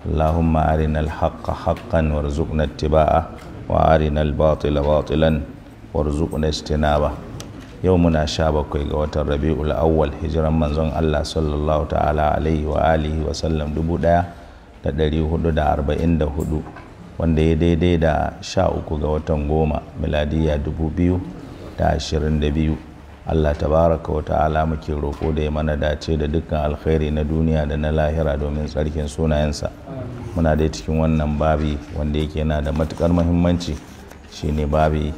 اللهم أرنا الحق حقا وارزقنا اتباعه وأرنا الباطل باطلا وارزقنا اجتنابه يومنا شابك وقوات الربيع الأول هجرا من زن الله صلى الله تعالى عليه وآله وسلم دبودا da ɗari hudu da arba'in da hudu wanda دي دي da sha uku ga watan goma miladiya dubu biyu da ashirin Allah tabaraka wata ala muke roƙo da ya mana dace da dukkan alkhairi na duniya da na lahira domin tsarkin sunayensa muna dai cikin wannan babi wanda yake na da matukar muhimmanci shine babi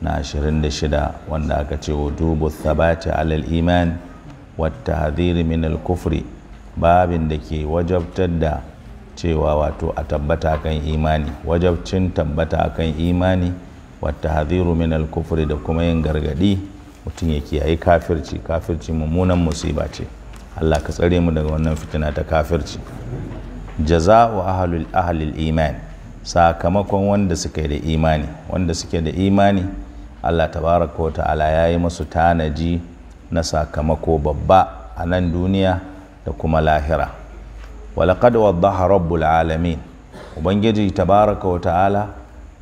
na 26 wanda aka ce wudubu thabati alal iman wa tahdhir min al babin da ke wajabtar da cewa wato a tabbata kan imani wajabcin tabbata kan imani wa tahdhiru min al kufri da kuma yin gargadi mutum ya kiyaye kafirci kafirci mummunan musiba ce Allah ka tsare mu daga wannan fitina ta kafirci jaza'u ahalul ahlil iman sakamakon wanda suka da imani wanda suke da imani Allah tabaraka wa ta'ala yi masu tanaji na sakamako babba a nan duniya da kuma lahira walaqad waddaha rabbul alamin ubangiji tabaraka wa ta'ala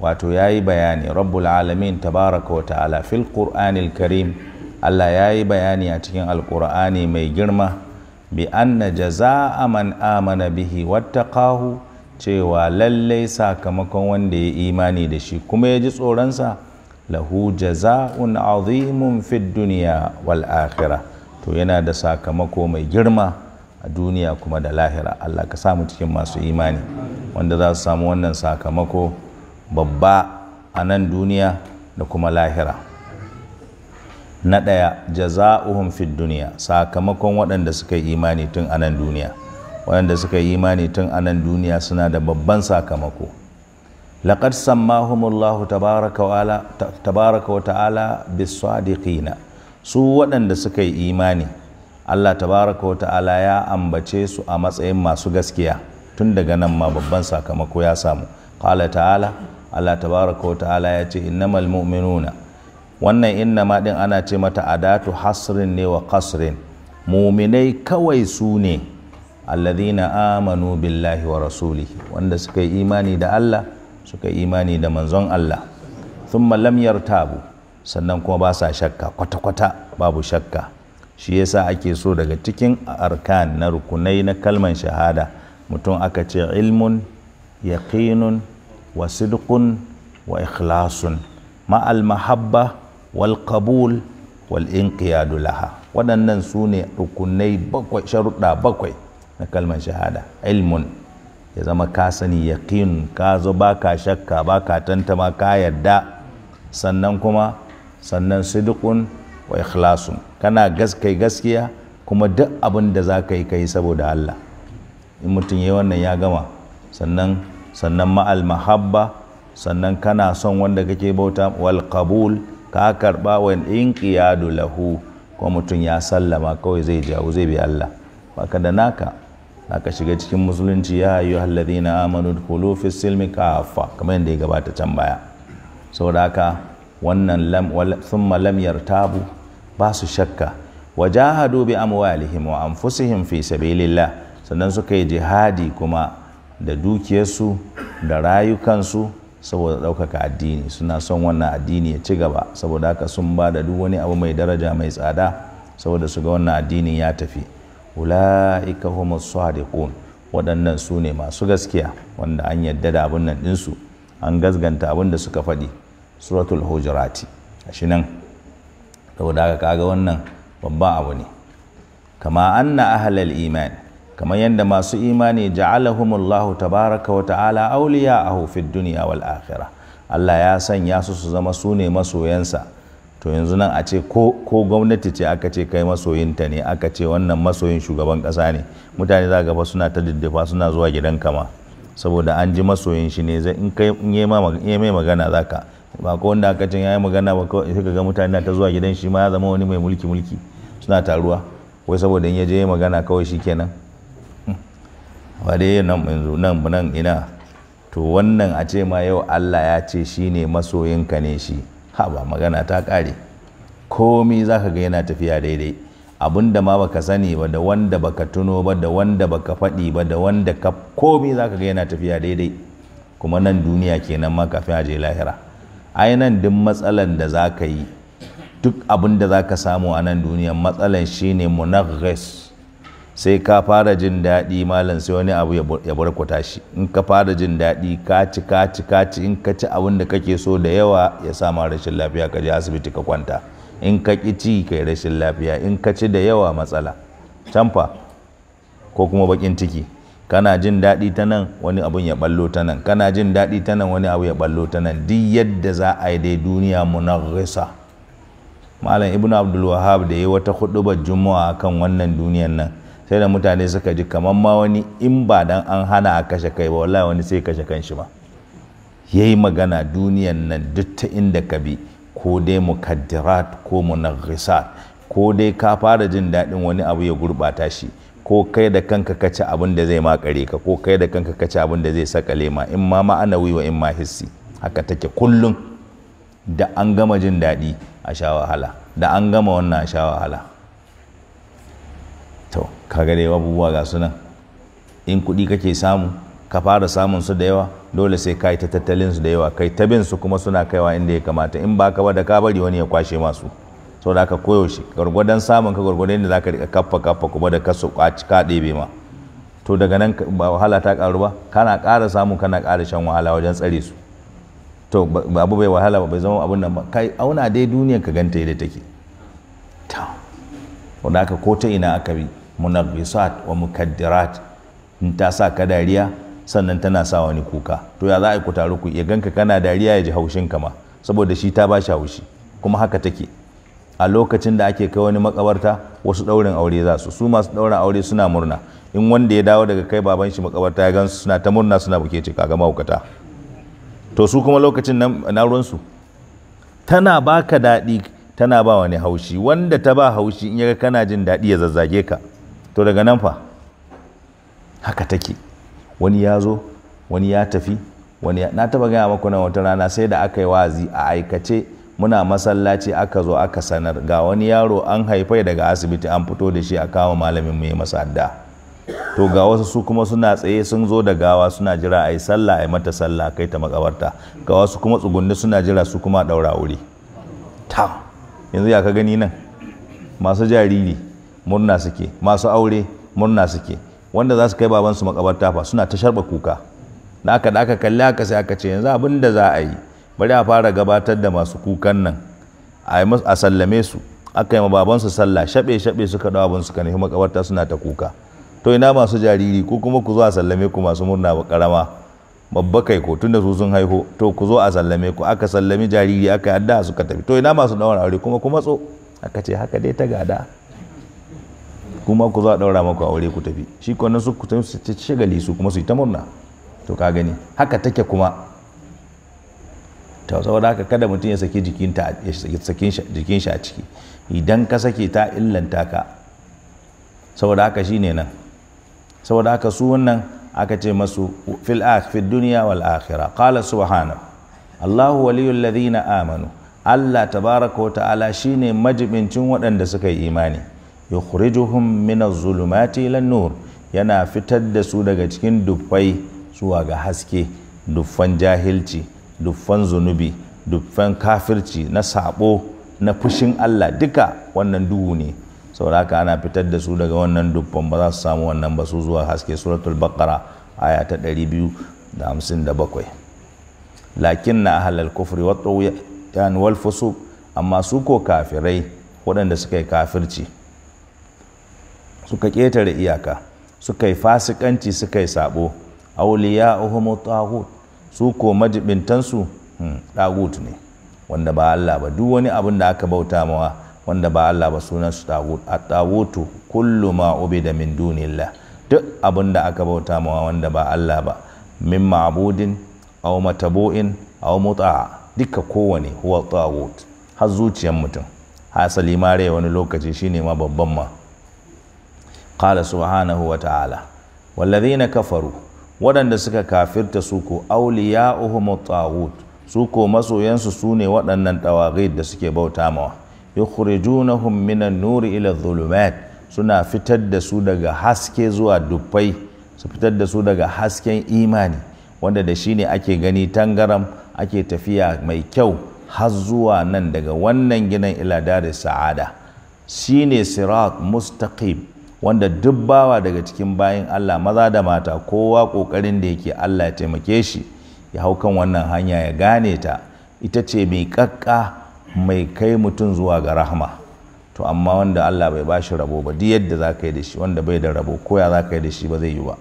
wato ya yi bayani rabbul alamin tabaraka wa ta'ala fil qur'anil karim Allah ya yi bayani a cikin alqur'ani mai girma bi anna jaza'a man amana bihi wattaqahu cewa lallai sakamakon wanda ya imani da shi kuma ya ji tsoronsa lahu jaza'un azimun fid duniya wal akhirah to yana da sakamako mai girma a duniya kuma da lahira Allah ka samu cikin masu imani wanda za su samu wannan sakamako babba a nan duniya da kuma lahira na ɗaya jaza'uhum fid duniya sakamakon waɗanda suka yi imani tun a nan duniya waɗanda suka yi imani tun a nan duniya suna da babban sakamako laqad sammahumullahu tabaraka wa ta'ala bis su waɗanda suka yi imani Allah tabaraka wa ta'ala ya ambace su a matsayin masu gaskiya tun daga nan ma babban sakamako ya samu ƙala ta'ala Allah tabaraka ta'ala ya ce innamal mu'minuna wannan innama din ana ce mata adatu hasrin ne wa kasrin muminai kawai su ne alladhina amanu billahi wa rasulihi wanda suka yi imani da Allah suka yi imani da manzon Allah thumma lam yartabu sannan kuma ba sa shakka kwata-kwata babu shakka shi yasa ake so daga cikin arkan na rukunai na kalman shahada mutum aka ce ilmun yaqinun wa sidqun wa ikhlasun ma'al mahabba wal qabul wal inqiyadu laha waɗannan su ne rukunai bakwai sharuɗa bakwai na kalmar shahada ilmun ya zama ka sani yaqin ka zo baka shakka baka tantama ka yadda sannan kuma sannan sidqun wa ikhlasun kana gaskai gaskiya kuma duk abin da za ka yi ka yi saboda Allah in mutum ya yi wannan ya gama sannan sannan ma'al mahabba sannan kana son wanda kake bauta wal qabul ka karba in inqiyadu lahu ko mutum ya sallama kawai zai jawo zai bi Allah ba ka da naka naka shiga cikin musulunci ya ayyuhal ladina amanu dkhulu fis silmi kafa kamar yadda ya gabata can baya saboda haka wannan sun thumma lam yartabu ba su shakka wajahadu bi amwalihim wa anfusihim fi sabilillah sannan suka yi jihadi kuma da dukiyarsu da rayukansu saboda ɗaukaka addini suna son wannan addini ya ci gaba saboda haka sun ba da duk wani abu mai daraja mai tsada saboda su ga wannan addinin ya tafi ula'ika homo sadiqun waɗannan su ne masu gaskiya wanda an yadda da abin nan ɗinsu an gazganta abin da suka faɗi suratul hujurati shi nan saboda haka kaga wannan babban abu ne kama anna ahlal iman kamar yadda masu imani ja'alahumullahu tabaraka wa ta'ala awliya'ahu fid duniya wal akhirah Allah ya sanya su su zama su ne masoyansa to yanzu nan a ce ko gwamnati ce aka ce kai masoyinta ne aka ce wannan masoyin shugaban kasa ne mutane za gaba suna ta diddifa suna zuwa gidan kama saboda an ji masoyin shi ne in kai in yi mai magana zaka ba ko wanda aka ce magana ba kawai sai ga mutane na ta zuwa gidan shi ma ya zama wani mai mulki mulki suna taruwa wai saboda in ya je magana kawai shikenan kenan ware nan yanzu nan nan ina to wannan a ce ma yau Allah ya ce shi ne masoyinka ne shi ha magana ta ƙare komi za ka ga yana tafiya daidai abin da ma baka sani ba da wanda baka tuno ba da wanda baka faɗi ba da wanda ka komi za ka ga tafiya daidai kuma nan duniya kenan ma kafin a je lahira ai nan duk matsalan da za ka yi duk abin da za ka samu a nan duniya matsalan shine munaghis sai ka fara jin daɗi malam sai wani abu ya barkwata shi in ka fara jin daɗi ka ci ka ci ka ci in ka ci abin da kake so da yawa ya sa ma rashin lafiya ka je asibiti ka kwanta in ka ƙi ci kai rashin lafiya in ka ci da yawa matsala canfa ko kuma bakin ciki kana jin daɗi ta nan wani abun ya ballo ta nan kana jin daɗi ta nan wani abu ya ballo ta nan duk yadda za a yi dai duniya munarrisa malam ibnu abdul wahab da yi wata hudubar juma'a kan wannan duniyan nan sai da mutane suka ji kamar ma wani in ba dan an hana a kashe kai ba wallahi wani sai kashe kanshi ma yayi magana duniyan nan duk ta inda ka bi ko dai mukaddirat ko munaghisat ko dai ka fara jin daɗin wani abu ya gurɓata shi ko kai da kanka ka ci abin da zai makare ka ko kai da kanka ka ci abin da zai sakale ma in ma ma'anawi wa in ma hissi haka take kullum da an gama jin daɗi a sha wahala da an gama wannan a sha wahala to kaga dai abubuwa ga nan in kuɗi kake samu ka fara samun su da yawa dole sai ka yi ta tattalin su da yawa kai ta bin su kuma suna kaiwa inda ya kamata in ba ka ba da ka bari wani ya kwashe masu da ka koyaushe gwargwadon samun ka gwargwadon da zaka rika kaffa kaffa kuma da kasu kwaci ka ɗebe ma to daga nan ba wahala ta karu ba kana ƙara samu kana ƙara shan wahala wajen tsare su to abu bai wahala ba bai zama abun nan ba kai auna dai duniyar ka ganta yadda take ta wanda aka ko ta ina aka bi munagbisat wa mukaddirat in ta sa ka dariya sannan tana sa wani kuka to ya za a yi ku ya ganka kana dariya ya ji haushin kama saboda shi ta ba shi haushi kuma haka take a lokacin da ake kai wani makabarta wasu daurin aure za su su masu daurin aure suna murna in wanda ya dawo daga kai baban shi makabarta ya gansu suna ta murna suna buke ce kaga mahaukata to su kuma lokacin na ruwansu tana baka daɗi tana ba wani haushi wanda ta ba haushi in yaga kana jin daɗi ya zazzage ka to daga nan fa haka take wani ya zo wani ya tafi wani na taba gaya maku nan wata rana sai da aka yi wazi a aikace muna masallaci aka zo aka sanar ga wani yaro an haifai daga asibiti an fito da shi a kama malamin mai masa adda to ga wasu su kuma suna tsaye sun zo da gawa suna jira a yi sallah a yi mata sallah kai ta makabarta ga wasu kuma tsugunni suna jira su kuma daura wuri ta yanzu ya ka gani nan masu jariri murna suke masu aure murna suke wanda za su kai babansu makabarta fa suna ta sharba kuka da aka da aka kalli aka sai aka ce yanzu abin da za a yi bari a fara gabatar da masu kukan nan a sallame su aka yi ma babansu sallah shaɓe shaɓe suka dawo abin suka nufi makabarta suna ta kuka to ina masu jariri ko kuma ku zo a sallame ku masu murna karama babbakai kai ko tunda su sun haihu to ku zo a sallame ku aka sallami jariri aka yadda suka tafi to ina masu daura aure kuma ku matso aka ce haka dai ta gada kuma ku zo a daura maku aure ku tafi shi nan su ku su ci shagali su kuma su yi ta murna to ka gani haka take kuma ta saboda haka kada mutum ya saki jikin ta ya saki jikin shi a ciki idan ka sake ta illanta ka saboda haka shine nan saboda haka su wannan aka ce masu fil ah, duniya wal akhira qala subhana Allahu waliyul ladina amanu Allah tabaraka wa ta'ala shine majibincin waɗanda suka yi imani yukhrijuhum min az-zulumati ila nur yana fitar da su daga cikin dubbai, zuwa ga haske duffan jahilci duffan zunubi duffan kafirci na sabo na fushin Allah duka wannan duhu ne sauraka ana fitar da su daga wannan dubban ba za su samu wannan ba su zuwa haske suratul bakara aya ta 257 lakin na ahlal kufri wa tawyan wal fusuq amma su ko kafirai waɗanda suka yi kafirci suka ƙetare iyaka suka yi fasikanci suka yi sabo ya uhumu su ko majibintansu ɗagut hmm, ne wanda ba Allah ba duk wani abin da aka bauta mawa wanda ba Allah ba sunan su tagut at-tagutu kullu ma ubida min dunillah duk abin da aka bauta mawa wanda ba Allah ba min ma'budin aw matabu'in aw muta'a duka kowane huwa tagut har zuciyar mutum hasali ma rai wani lokaci shine ma babban ma qala subhanahu wa ta'ala walladhina kafaru waɗanda suka kafirta su ko awliya'uhum at-tagut su ko masoyansu su ne waɗannan tawagid da suke bauta mawa yukhrijunahum minan nuri ila dhulumat suna fitar da su daga haske zuwa dubbai su fitar da su daga hasken imani wanda da shine ake gani tangaram ake tafiya mai kyau har zuwa nan daga wannan ginin ila dari sa'ada shine ne sirat mustaqim wanda dubbawa daga cikin bayan Allah maza da mata kowa kokarin da yake Allah ya taimake shi ya hau kan wannan hanya ya gane ta ita ce mai kakka. mai kai mutum zuwa ga rahama to amma wanda Allah bai bashi rabo ba duk yadda za ka yi da shi wanda bai da rabo ko ya za ka yi da shi ba zai yi ba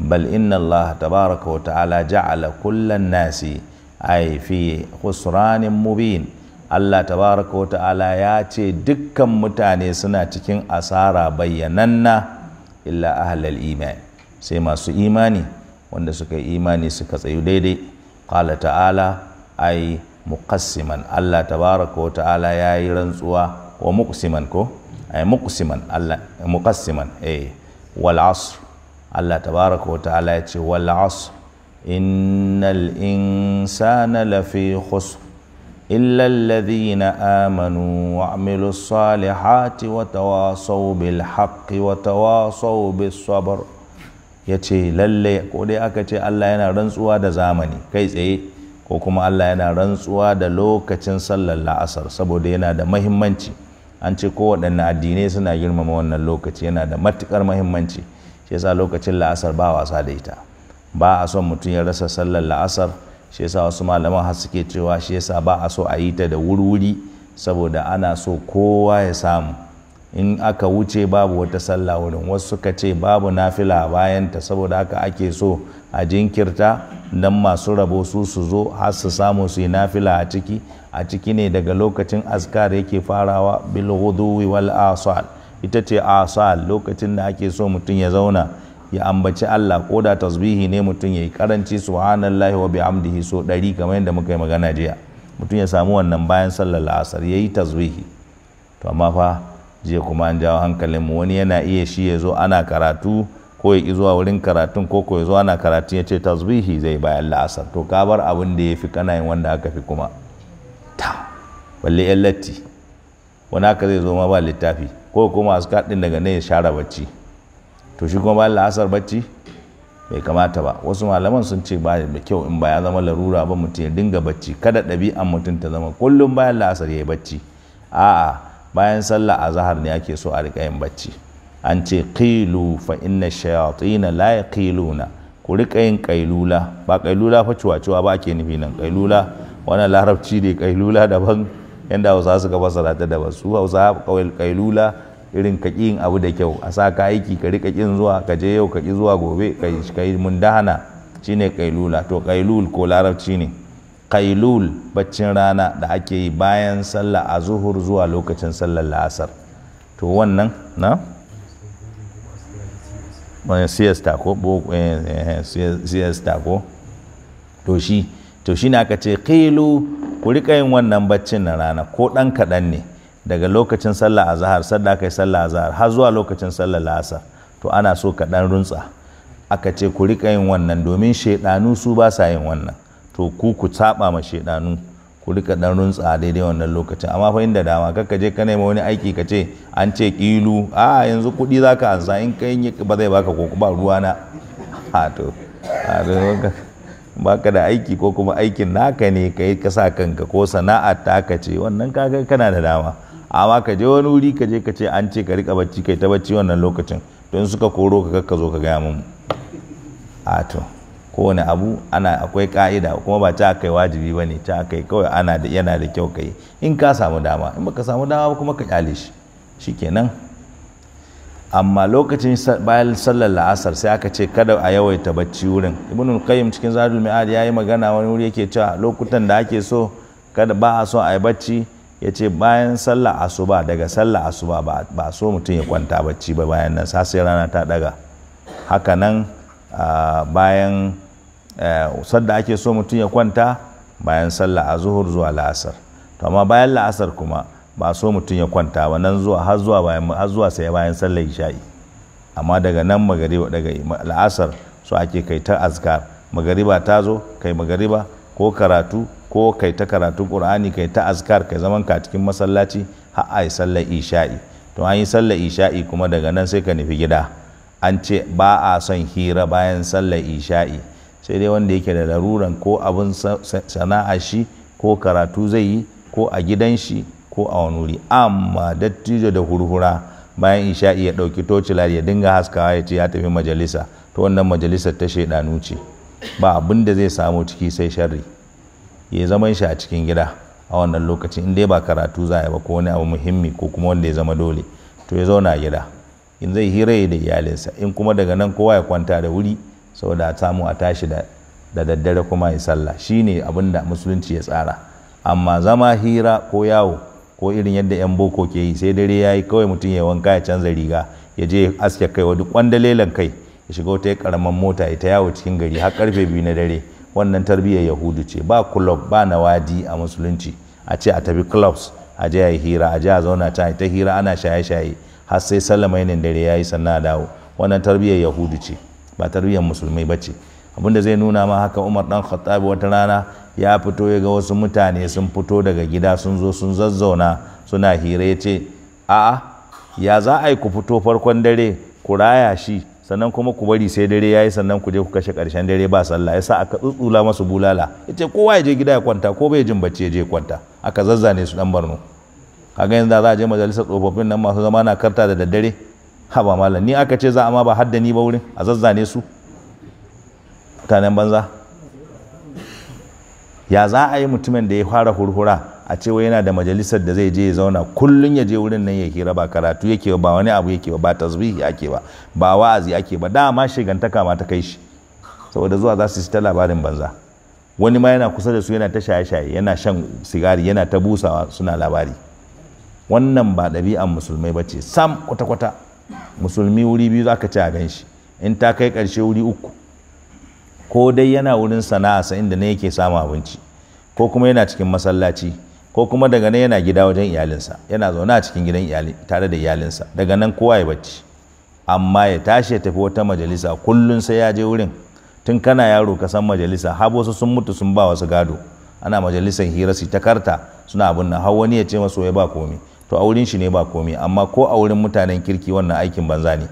bal inna Allah tabaraka wa ta'ala ja'ala kullan nasi ay fi khusranin mubin Allah tabaraka wa ta'ala ya ce dukkan mutane suna cikin asara bayyananna illa ahlal iman sai masu imani wanda suka yi imani suka tsayu daidai qala ta'ala ay muqassiman Allah tabaraka wa ta'ala rantsuwa wa muqsiman ko ay eh, muqsiman Allah muqassiman eh wal asr Allah tabaraka wa ta'ala ya ce wal asr innal insana lafi khusr إلا wa آمنوا bil الصالحات yace lalle ko dai aka ce Allah yana rantsuwa da zamani kai tsaye ko kuma Allah yana rantsuwa da lokacin sallar la'asar saboda yana da mahimmanci an ce kowaɗanne addinai suna girmama wannan lokaci yana da matuƙar mahimmanci shi yasa lokacin la'asar ba wasa da ita ba a son mutum ya rasa sallar la'asar shi yasa wasu malaman har suke cewa shi yasa ba a so a yi ta da wurwuri saboda ana so kowa ya samu in aka wuce babu wata sallah wurin wasu suka ce babu nafila bayan ta saboda haka ake so a jinkirta don masu rabo su su zo har su samu su yi nafila a ciki a ciki ne daga lokacin askar yake farawa bil wal asal ita ce asal lokacin da ake so mutum ya zauna ya ambaci Allah ko da tasbihi ne mutum ya yi karanci subhanallahi wa bihamdihi so ɗari kamar yadda muka yi magana jiya mutum ya samu wannan bayan sallar la'asar ya yi tasbihi to amma fa jiya kuma an jawo hankalinmu wani yana iya shi ya zo ana karatu ko ya zuwa wurin karatun ko ko ya zuwa na karatun ya ce tasbihi zai bayan la'asar to ka bar abin da ya fi kana wanda aka fi kuma ta balle yan latti wani haka zai zo ma ba littafi ko kuma suka ɗin daga ne ya share bacci to shi kuma bayan la'asar bacci bai kamata ba wasu malaman sun ce ba da kyau in ba ya zama larura ba mutum ya dinga bacci kada ɗabi'an mutum ta zama kullum bayan la'asar ya yi bacci a'a bayan sallah a zahar ne ake so a riƙa yin bacci an ce ƙilu fa inna shayatina la na. ku riƙa yin kailula ba kailula fa cewa cewa ba ke nufi nan kailula wannan larabci ne kailula daban Yadda hausa suka fasara da ba su hausa kawai kailula irin ka yin abu da kyau a sa ka aiki ka riƙa ƙin zuwa ka je yau ka ƙi zuwa gobe ka yi mun shi shine kailula to kailul ko larabci ne kailul baccin rana da ake yi bayan sallah a zuhur zuwa lokacin sallar la'asar to wannan na siesta ko eh, eh, siesta ko to shi to shi na aka ce kilu ku riƙa yin wannan baccin na rana ko ɗan kaɗan ne daga lokacin sallah zahar sadda kai sallah sallah zahar har zuwa lokacin sallah la'asar to ana so ka dan runtsa aka ce ku riƙa yin wannan domin shaiɗanu su ba sa yin wannan to ku ku saba ma shaiɗanu ku rika dan runtsa daidai wannan lokacin amma fa inda dama kakka je ka nemi wani aiki ka ce an ce kilu a yanzu kuɗi za ka ansa in ka yi ba zai baka ko ba ruwa na a to a baka da aiki ko kuma aikin naka ne ka yi ka kanka ko sana'a ka ce wannan kaga kana da dama amma ka je wani wuri ka je ka ce an ce ka rika bacci kai ta bacci wannan lokacin don suka koro ka kakka zo ka gaya mun a to kowane abu ana akwai ka'ida kuma ba ta kai wajibi ba ne ta kai kawai ana da yana da kyau kai in ka samu dama in baka samu dama ba kuma ka kyale shi shikenan amma lokacin bayan sallar la'asar sai aka ce kada a yawaita bacci wurin ibnu qayyim cikin zadul mi'ad yayi magana wani wuri yake cewa lokutan da ake so kada ba a so a yi bacci ya ce bayan sallar asuba daga sallar asuba ba ba so mutum ya kwanta bacci ba bayan nan sai rana ta daga haka nan ah, bayan Eh, sadda ake so mutum ya kwanta bayan sallah a zuhur zuwa la'asar to amma bayan la'asar kuma ba so mutum ya kwanta ba nan zuwa har zuwa bayan har zuwa sai bayan sallar isha'i amma daga nan magariba daga la'asar so ake kai ta azkar magariba ta zo kai magariba ko karatu ko kai ta karatu qur'ani kai ta azkar kai zaman ka cikin masallaci har ai sallar isha'i to an yi sallar isha'i kuma daga nan sai ka nufi gida an ce ba a son hira bayan sallar isha'i sai dai wanda yake da laruran ko abin sana'a shi ko karatu zai yi ko a gidan shi ko a wani wuri amma dattijo da hurhura bayan isha'i ya ɗauki tocilar ya dinga haskawa ya ce ya tafi majalisa to wannan majalisar ta shaidanu ce ba abin da zai samu ciki sai sharri ya zaman shi a cikin gida a wannan lokacin in dai ba karatu za ba ko wani abu muhimmi ko kuma wanda ya zama dole to ya zauna gida in zai hira da iyalinsa in kuma daga nan kowa ya kwanta da wuri saboda samu a tashi da daddare kuma ya sallah ne abin da musulunci ya tsara amma zama hira ko yawo ko irin yadda yan boko ke yi sai dare ya yi kawai mutum ya wanka ya canza riga ya je aske kai wa duk kwandalelan kai ya shiga wata karamar mota ya ta yawo cikin gari har karfe biyu na dare wannan tarbiyyar yahudu ce ba kulob ba nawadi a musulunci a ce a tafi clubs a je a yi hira a je a zauna ta ta hira ana shaye-shaye har sai sallama yanin dare ya yi sannan a dawo wannan tarbiyyar yahudu ce ba tarbiyyar musulmai ba ce abinda zai nuna ma haka umar dan khattabi wata rana ya fito ya ga wasu mutane sun fito daga gida sun zo sun zazzauna suna hira ya ce a'a ya za a yi ku fito farkon dare ku raya shi sannan kuma ku bari sai dare yayi sannan ku je ku kashe karshen dare ba sallah sa aka tsutsula masu bulala yace kowa ya je gida ya kwanta ko bai jin bacci ya je kwanta aka zazzane su dan barno kaga yanzu za a je majalisar tsofaffin nan masu zama na karta da daddare haba malam ni aka ce za a ma ba hadda ni ba wurin a zazzane su mutanen banza ya za a yi mutumin da ya fara hurhura a cewa yana da majalisar da zai je ya zauna kullum ya je wurin nan ya hira ba karatu yake ba wani abu yake ba ba ya ake ba ba wa'azi ake ba Da dama shigantaka ma ta kai shi saboda zuwa za su ta labarin banza wani ma yana kusa da su yana ta shaye-shaye yana shan sigari yana ta busawa suna labari wannan ba ɗabi'an musulmai ba ce sam kwata-kwata musulmi wuri biyu za ka ci a gan shi in ta kai ƙarshe wuri uku ko dai yana wurin sana'a inda na yake samun abinci ko kuma yana cikin masallaci ko kuma daga nan yana gida wajen iyalinsa yana zaune a cikin gidan iyali tare da iyalinsa daga nan kowa ya bacci amma ya tashi ya tafi wata majalisa kullum sai ya je wurin tun kana yaro ka san majalisa har wasu sun mutu sun ba wasu gado ana majalisar hira su ta karta suna abin nan har wani ya ce maso ya ba komi to a wurin shi ne ba komai amma ko a wurin mutanen kirki wannan aikin banza ne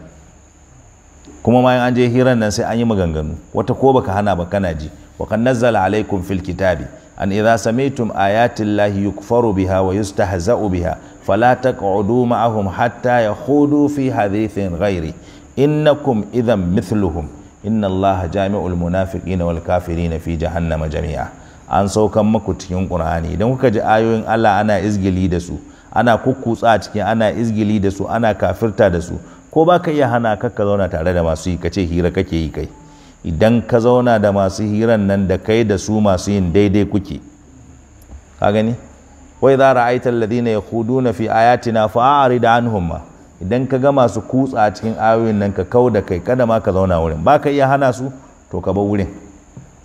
kuma ma an je hirar nan sai an yi maganganu wata ko baka hana ba kana ji wa kan nazzala alaikum fil kitabi an idza samaitum ayatillahi yukfaru biha wa yustahza'u biha fala taq'udu ma'ahum hatta yahudu fi hadithin ghairi innakum idan mithluhum inna allaha jami'ul munafiqina wal kafirina fi jahannama jami'a an saukan maku cikin qur'ani idan kuka ji ayoyin Allah ana izgili da su ana kukkutsa a cikin ana izgili da su ana kafirta da su ko ba ka iya hana ka ka zauna tare da masu yi ka ce hira kake yi kai idan ka zauna da masu hiran nan da kai da su masu yin daidai kuke ka gani wai za ra'aita alladhina yakhuduna fi ayatina da anhum ma idan ka ga masu kutsa a cikin ayoyin nan ka kau da kai kada ma ka zauna wurin ba ka iya hana su to ka bar wurin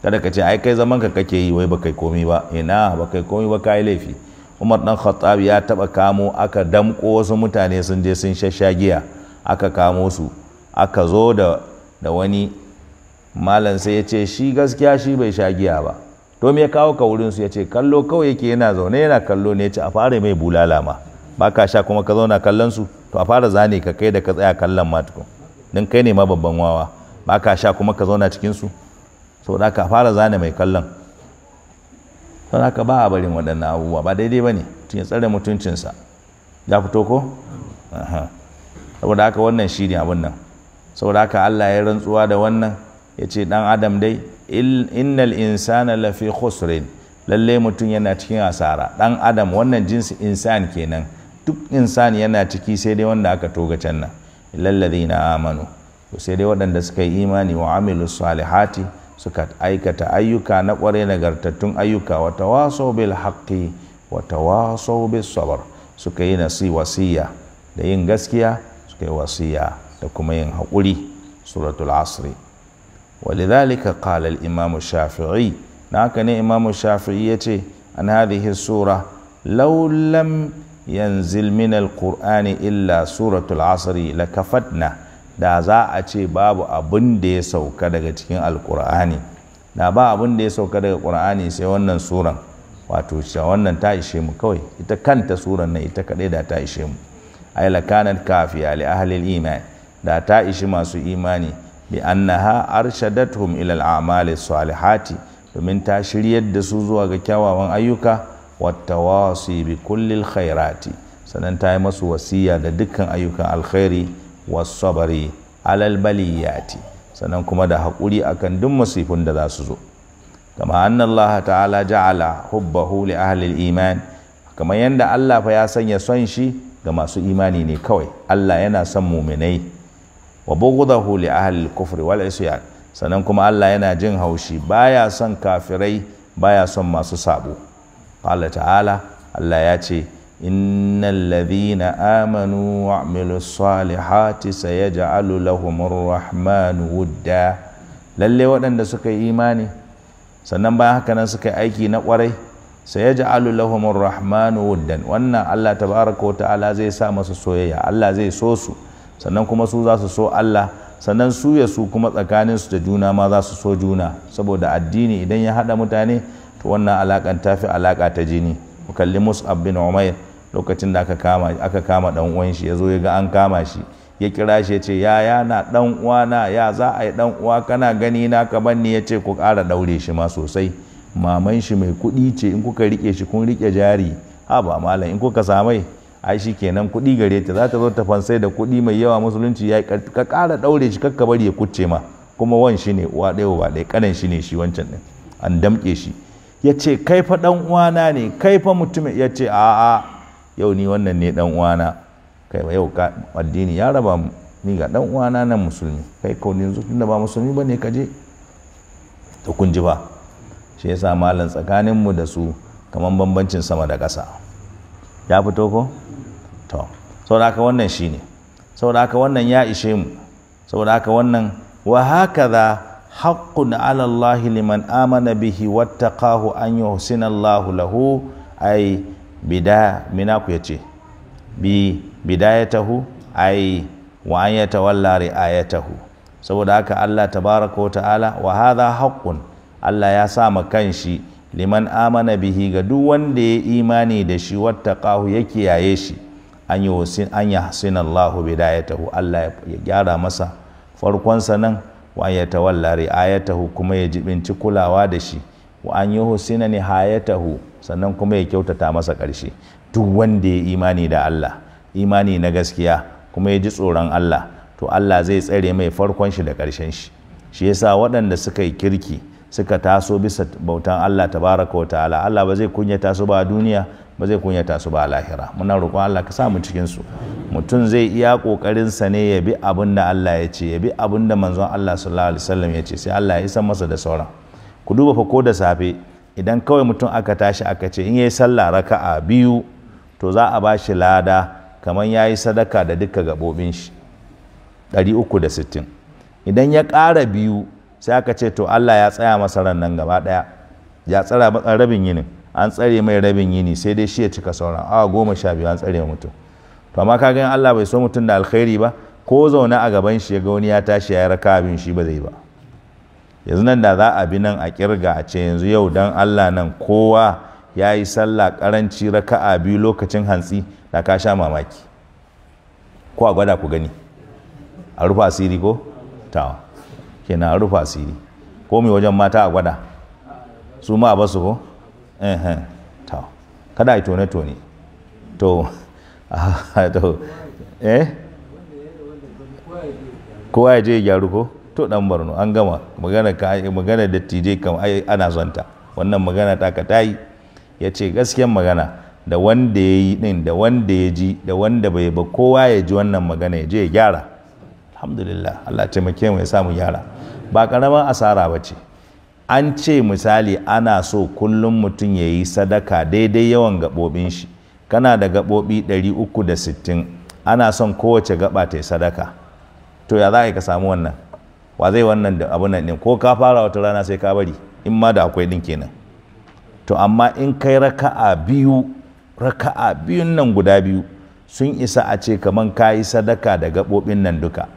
kada ka ce ai kai zaman ka kake yi wai ba kai komi ba ina ba kai komi ba ka yi laifi umar dan khattab ya taba kamo aka damko wasu mutane sun je sun shashagiya aka kamo su aka zo da wani malam sai ya ce shi gaskiya shi bai shagiya ba to me ya kawo ka wurin su ya ce kallo kawai yake yana zaune yana kallo ne ya ce a fara mai bulala ma ba ka sha kuma ka zauna kallon su to a fara zane ka kai da ka tsaya kallon ma tukun don kai ne ma babban wawa ba ka sha kuma ka zauna cikin su saboda ka fara zane mai kallon don haka ba a barin waɗannan abubuwa ba daidai ba ne tun ya tsare mutuncinsa ya fito ko saboda haka wannan shi ne abin nan saboda haka Allah ya rantsuwa da wannan ya ce ɗan adam dai innal insana lafi khusrin lalle mutum yana cikin asara ɗan adam wannan jinsi insan kenan duk insan yana ciki sai dai wanda aka toga can nan illal na amanu sai dai waɗanda suka yi imani wa amilu salihati suka aikata ayyuka na ƙwarai nagartattun ayyuka wa tawasau bil haqqi wa tawasau suka yi nasi wasiya da yin gaskiya suka yi wasiya da kuma yin haƙuri suratul asri walidhalika qala al imam shafi'i na haka ne imam shafi'i yace an hadhihi sura law lam yanzil min al qur'ani illa suratul asri lakafatna da za a ce babu abin da ya sauka daga cikin alkur'ani da ba abin da ya sauka daga ƙur'ani sai wannan suran wato cewa wannan ta ishe mu kawai ita kanta suran nan ita kaɗai da ta ishe mu ay lakanat kafiya li ahlil iman da ta ishe masu imani bi annaha arshadathum ila Ilal, amali salihati domin ta shiryar da su zuwa ga kyawawan ayyuka wattawasi bi kullum khairati sannan ta yi masu wasiya da dukkan ayyukan alkhairi wasabari alal baliyati sannan kuma da haƙuri akan duk masifin da za su zo kama annallaha ta'ala ja'ala hubbahu li ahli iman kamar yadda Allah fa ya sanya son shi ga masu imani ne kawai Allah yana son muminai wa bughdahu li ahli kufri wal isyan sannan kuma Allah yana jin haushi baya son kafirai baya son masu sabo qala ta'ala Allah ya ce إن Amanu, آمنوا وعملوا الصالحات سيجعل لهم الرحمن ودا lalle waɗanda suka yi imani sannan bayan hakanan nan suka yi aiki na kwarai? sai ya ja'alu rahmanu wuddan wannan Allah tabaraka wa ta'ala zai sa masu soyayya Allah zai so su sannan kuma su zasu so Allah sannan su ya su kuma tsakaninsu da juna ma za so juna saboda addini idan ya haɗa mutane to wannan alaƙan tafi alaƙa ta jini mu kalli Mus'ab bin lokacin da aka kama aka kama dan uwan shi yazo ya ga an kama shi ya kira shi ya ce ya ya na dan uwana ya za a yi dan uwa kana gani na ka banni ya ce ku ƙara daure shi ma sosai maman shi mai kuɗi ce in kuka rike shi kun rike jari ha ba malam in kuka samai ai shi kenan kuɗi gare ta za ta zo ta fansai da kuɗi mai yawa musulunci ya ka ƙara daure shi kakka bari ya kucce ma kuma wan shi ne uwa ɗaya uwa ɗaya ƙanan shi ne shi wancan ɗin an damƙe shi ya ce kai fa ɗan uwana ne kai fa mutum ya ce a'a yau ni wannan ne dan uwana kai yau ka addini ya raba mu ni ga dan uwana nan musulmi kai ko ni yanzu tunda ba musulmi bane ka je to kun ji ba shi yasa malam tsakanin mu da su kaman bambancin sama da ƙasa ya fito ko to saboda haka wannan shine saboda haka wannan ya ishe mu saboda haka wannan wa hakaza haqqun ala Allah liman amana bihi wattaqahu an yuhsina Allah lahu ay bida mina ku yace bi bidayatahu ai wa an yatawalla ri'ayatahu saboda haka Allah tabaraka wa ta'ala wa hadha haqqun Allah ya sa ma shi liman amana bihi ga duk wanda ya imani da shi wata wattaqahu ya kiyaye shi an yusin an yahsin Allah bidayatahu Allah ya gyara masa farkonsa nan wa ya tawalla ri'ayatahu kuma ya jibinci kulawa da shi wa an ya tahu. sannan kuma ya kyautata masa ƙarshe duk wanda ya imani da Allah imani na gaskiya kuma ya ji tsoron Allah to Allah zai tsare mai farkon shi da ƙarshen shi shi yasa waɗanda suka yi kirki suka taso bisa bautan Allah tabaraka wa ta'ala Allah ba zai kunyata su ba a duniya ba zai kunyata su ba a lahira muna roƙon Allah ka sa mu cikin su mutum zai iya ƙoƙarin sa ne ya bi abin da Allah ya ce ya bi abin da manzon Allah sallallahu alaihi wasallam ya ce sai Allah ya isa masa da sauran ku duba fa ko da safe idan kawai mutum aka tashi aka ce in ya yi sallah raka'a biyu to za a ba shi lada kamar ya yi sadaka da duka gaɓoɓin shi 360 idan ya ƙara biyu sai aka ce to Allah ya tsaya masa ran nan gaba ɗaya ya tsara matsan rabin yinin an tsare mai rabin yini sai dai shi ya cika sauran awa goma sha biyu an tsare mutum to amma ka Allah bai so mutum da alkhairi ba ko zaune a gaban shi ya ga wani ya tashi ya yi raka abin shi ba zai ba yanzu nan da za a bi nan a kirga a ce yanzu yau dan Allah nan kowa ya yi sallah karanci raka'a biyu lokacin hantsi da ka sha mamaki ko a gwada ku gani a rufa asiri ko tawa kenan a rufa asiri ko mai wajen mata a gwada su ma a basu ko eh tawa kada yi tone tone to to eh kowa ya je ya gyaru ko to dan barno an gama magana ka magana dattijai kam ai ana zonta wannan magana ta ka tayi yace ce gaskiyar magana da wanda ya yi din da wanda ya ji da wanda bai ba kowa ya ji wannan magana ya je ya gyara alhamdulillah Allah taimake mu ya sa samu gyara ba karamar asara ba ce an ce misali ana so kullum mutum ya yi sadaka daidai yawan gaɓoɓin shi kana da gaɓoɓi sittin? ana son kowace gaɓa ta yi sadaka to ya za ka samu wannan wa zai wannan abin nan din ko ka fara wata rana sai ka bari in ma da akwai din kenan to amma in kai raka'a biyu raka'a biyun nan guda biyu sun isa a ce kaman ka yi sadaka da gaɓoɓin nan duka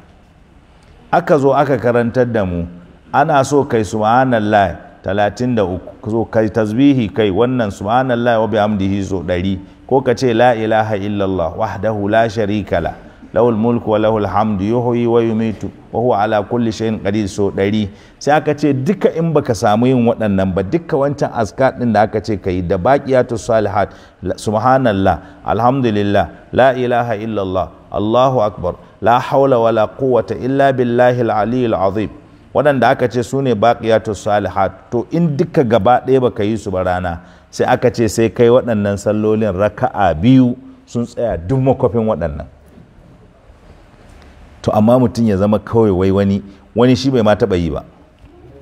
aka zo aka karantar da mu ana so kai subhanallah talatin da so kai tasbihi kai wannan subhanallah wa bihamdihi so ɗari ko ka ce la ilaha illallah wahdahu la sharika lah lahul mulku wa alhamdu hamdu yuhyi wa yumitu wa huwa ala kulli shay'in qadir so ɗari sai aka ce duka in baka samu yin waɗannan ba duka wancan azkar din da aka ce kai da baqiyatu salihat subhanallah alhamdulillah la ilaha illallah allahu akbar la hawla wa la quwwata illa billahi al azim waɗanda aka ce su ne baqiyatu salihat to in duka gaba ɗaya baka yi su ba rana sai aka ce sai kai waɗannan sallolin raka'a biyu sun tsaya duk makwafin waɗannan to amma mutum ya zama kawai wai wani wani shi bai ma taba yi ba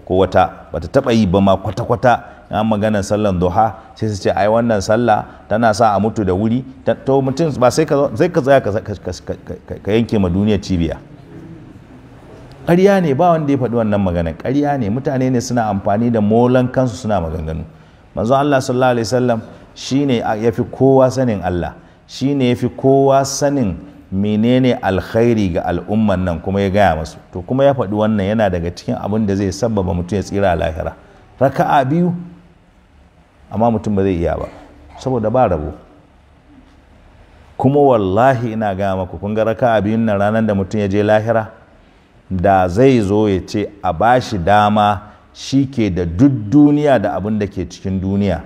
ko wata bata taɓa yi ba ma kwata-kwata ya magana sallan doha sai su ce ai wannan sallah tana sa a mutu da wuri to mutum ba sai ka tsaya ka yanke ma duniya cibiya ƙarya ne ba wanda ya faɗi wannan magana ƙarya ne mutane ne suna amfani da molan kansu suna maganganu manzo Allah sallallahu alaihi wasallam shine yafi kowa sanin Allah shine yafi kowa sanin menene alkhairi ga al'umman nan kuma ya gaya masu to kuma ya faɗi wannan yana daga cikin abin da zai sabbaba mutum ya tsira a lahira raka'a biyu amma mutum ba zai iya ba saboda ba rabo kuma wallahi ina gaya maku kun ga raka'a biyun nan ranar da mutum ya je lahira da zai zo ya ce a bashi dama shi ke da duk duniya da abin da ke cikin duniya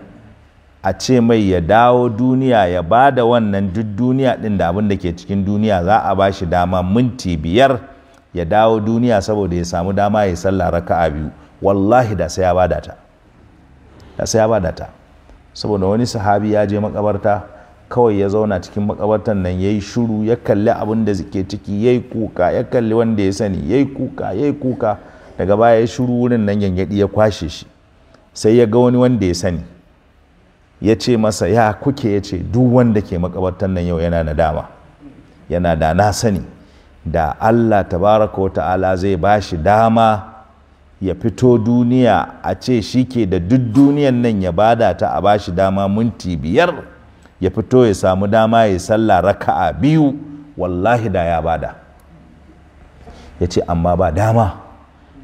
a ce mai ya dawo duniya ya ba da wannan duk duniya ɗin da abin da ke cikin duniya za a ba shi dama minti biyar ya dawo duniya saboda ya samu dama ya sallah raka'a biyu wallahi da sai ya bada ta da sai ya bada ta saboda wani sahabi ya je makabarta kawai ya zauna cikin makabartan nan yayi shiru ya kalli abin da ke ciki yayi kuka ya kalli wanda ya sani yayi kuka yayi kuka daga baya ya shiru wurin nan yanyaɗi ya kwashe shi sai ya ga wani wanda ya sani ya ce masa ya kuke ya ce duk wanda ke makabartan nan yau yana dama yana da na sani da Allah tabaraka wa ta'ala zai ba shi dama ya fito duniya a ce shi ke da duk duniyan nan ya bada ta a ba shi dama minti biyar ya fito ya samu dama ya sallah raka'a biyu wallahi da ya bada ya ce amma ba dama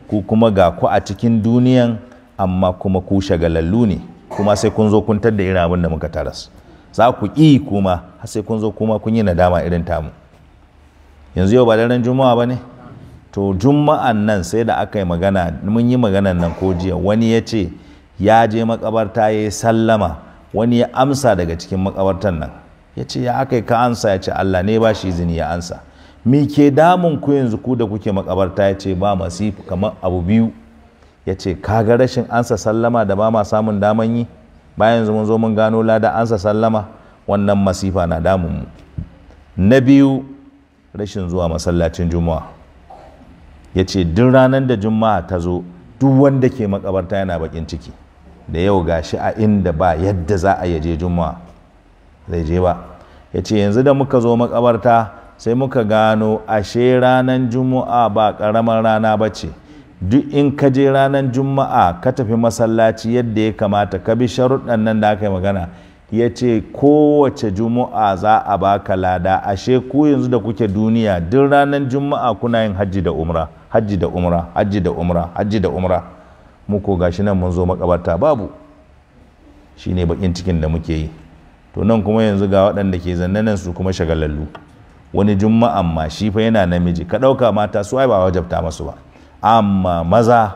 ku kuma ga ku a cikin duniyan amma kuma ku shagalallu ne kuma sai kun zo kun tadda irin abin da muka taras za ku ƙi kuma sai kun zo kuma kun yi nadama irin tamu yanzu yau ba daren juma'a ba ne to juma'an nan sai da aka yi magana mun yi magana nan ko jiya wani ya ce ya je makabarta ya sallama wani ya amsa daga cikin makabartan nan ya ce ya aka yi ka ansa ya ce Allah ne ba shi izini ya ansa me ke damun ku yanzu ku da kuke makabarta ya ce ba masifu kamar abu biyu ya ce kaga rashin ansa sallama da ba ma samun daman yi bayan mun zo mun gano lada ansa sallama wannan masifa na damun mu na biyu rashin zuwa masallacin juma'a ya ce duk ranar da juma'a ta zo duk wanda ke makabarta yana bakin ciki da yau ga shi a inda ba yadda za a yaje juma'a zai je ba ya ce yanzu da muka zo makabarta sai muka gano ashe ranar juma'a ba ƙaramar rana ba ce duk in ka je ranar juma'a ka tafi masallaci yadda ya kamata ka bi sharuɗan nan da aka yi magana ya ce kowace juma'a za a baka lada ashe ku yanzu da kuke duniya duk ranar juma'a kuna yin hajji da umra hajji da umra hajji da umra hajji da umra muku gashi nan mun zo makabarta babu shine bakin cikin da muke yi to nan kuma yanzu ga waɗanda ke zannanan su kuma shagalallu wani juma'an ma shi fa yana namiji ka ɗauka mata su ai ba wajabta masu ba amma maza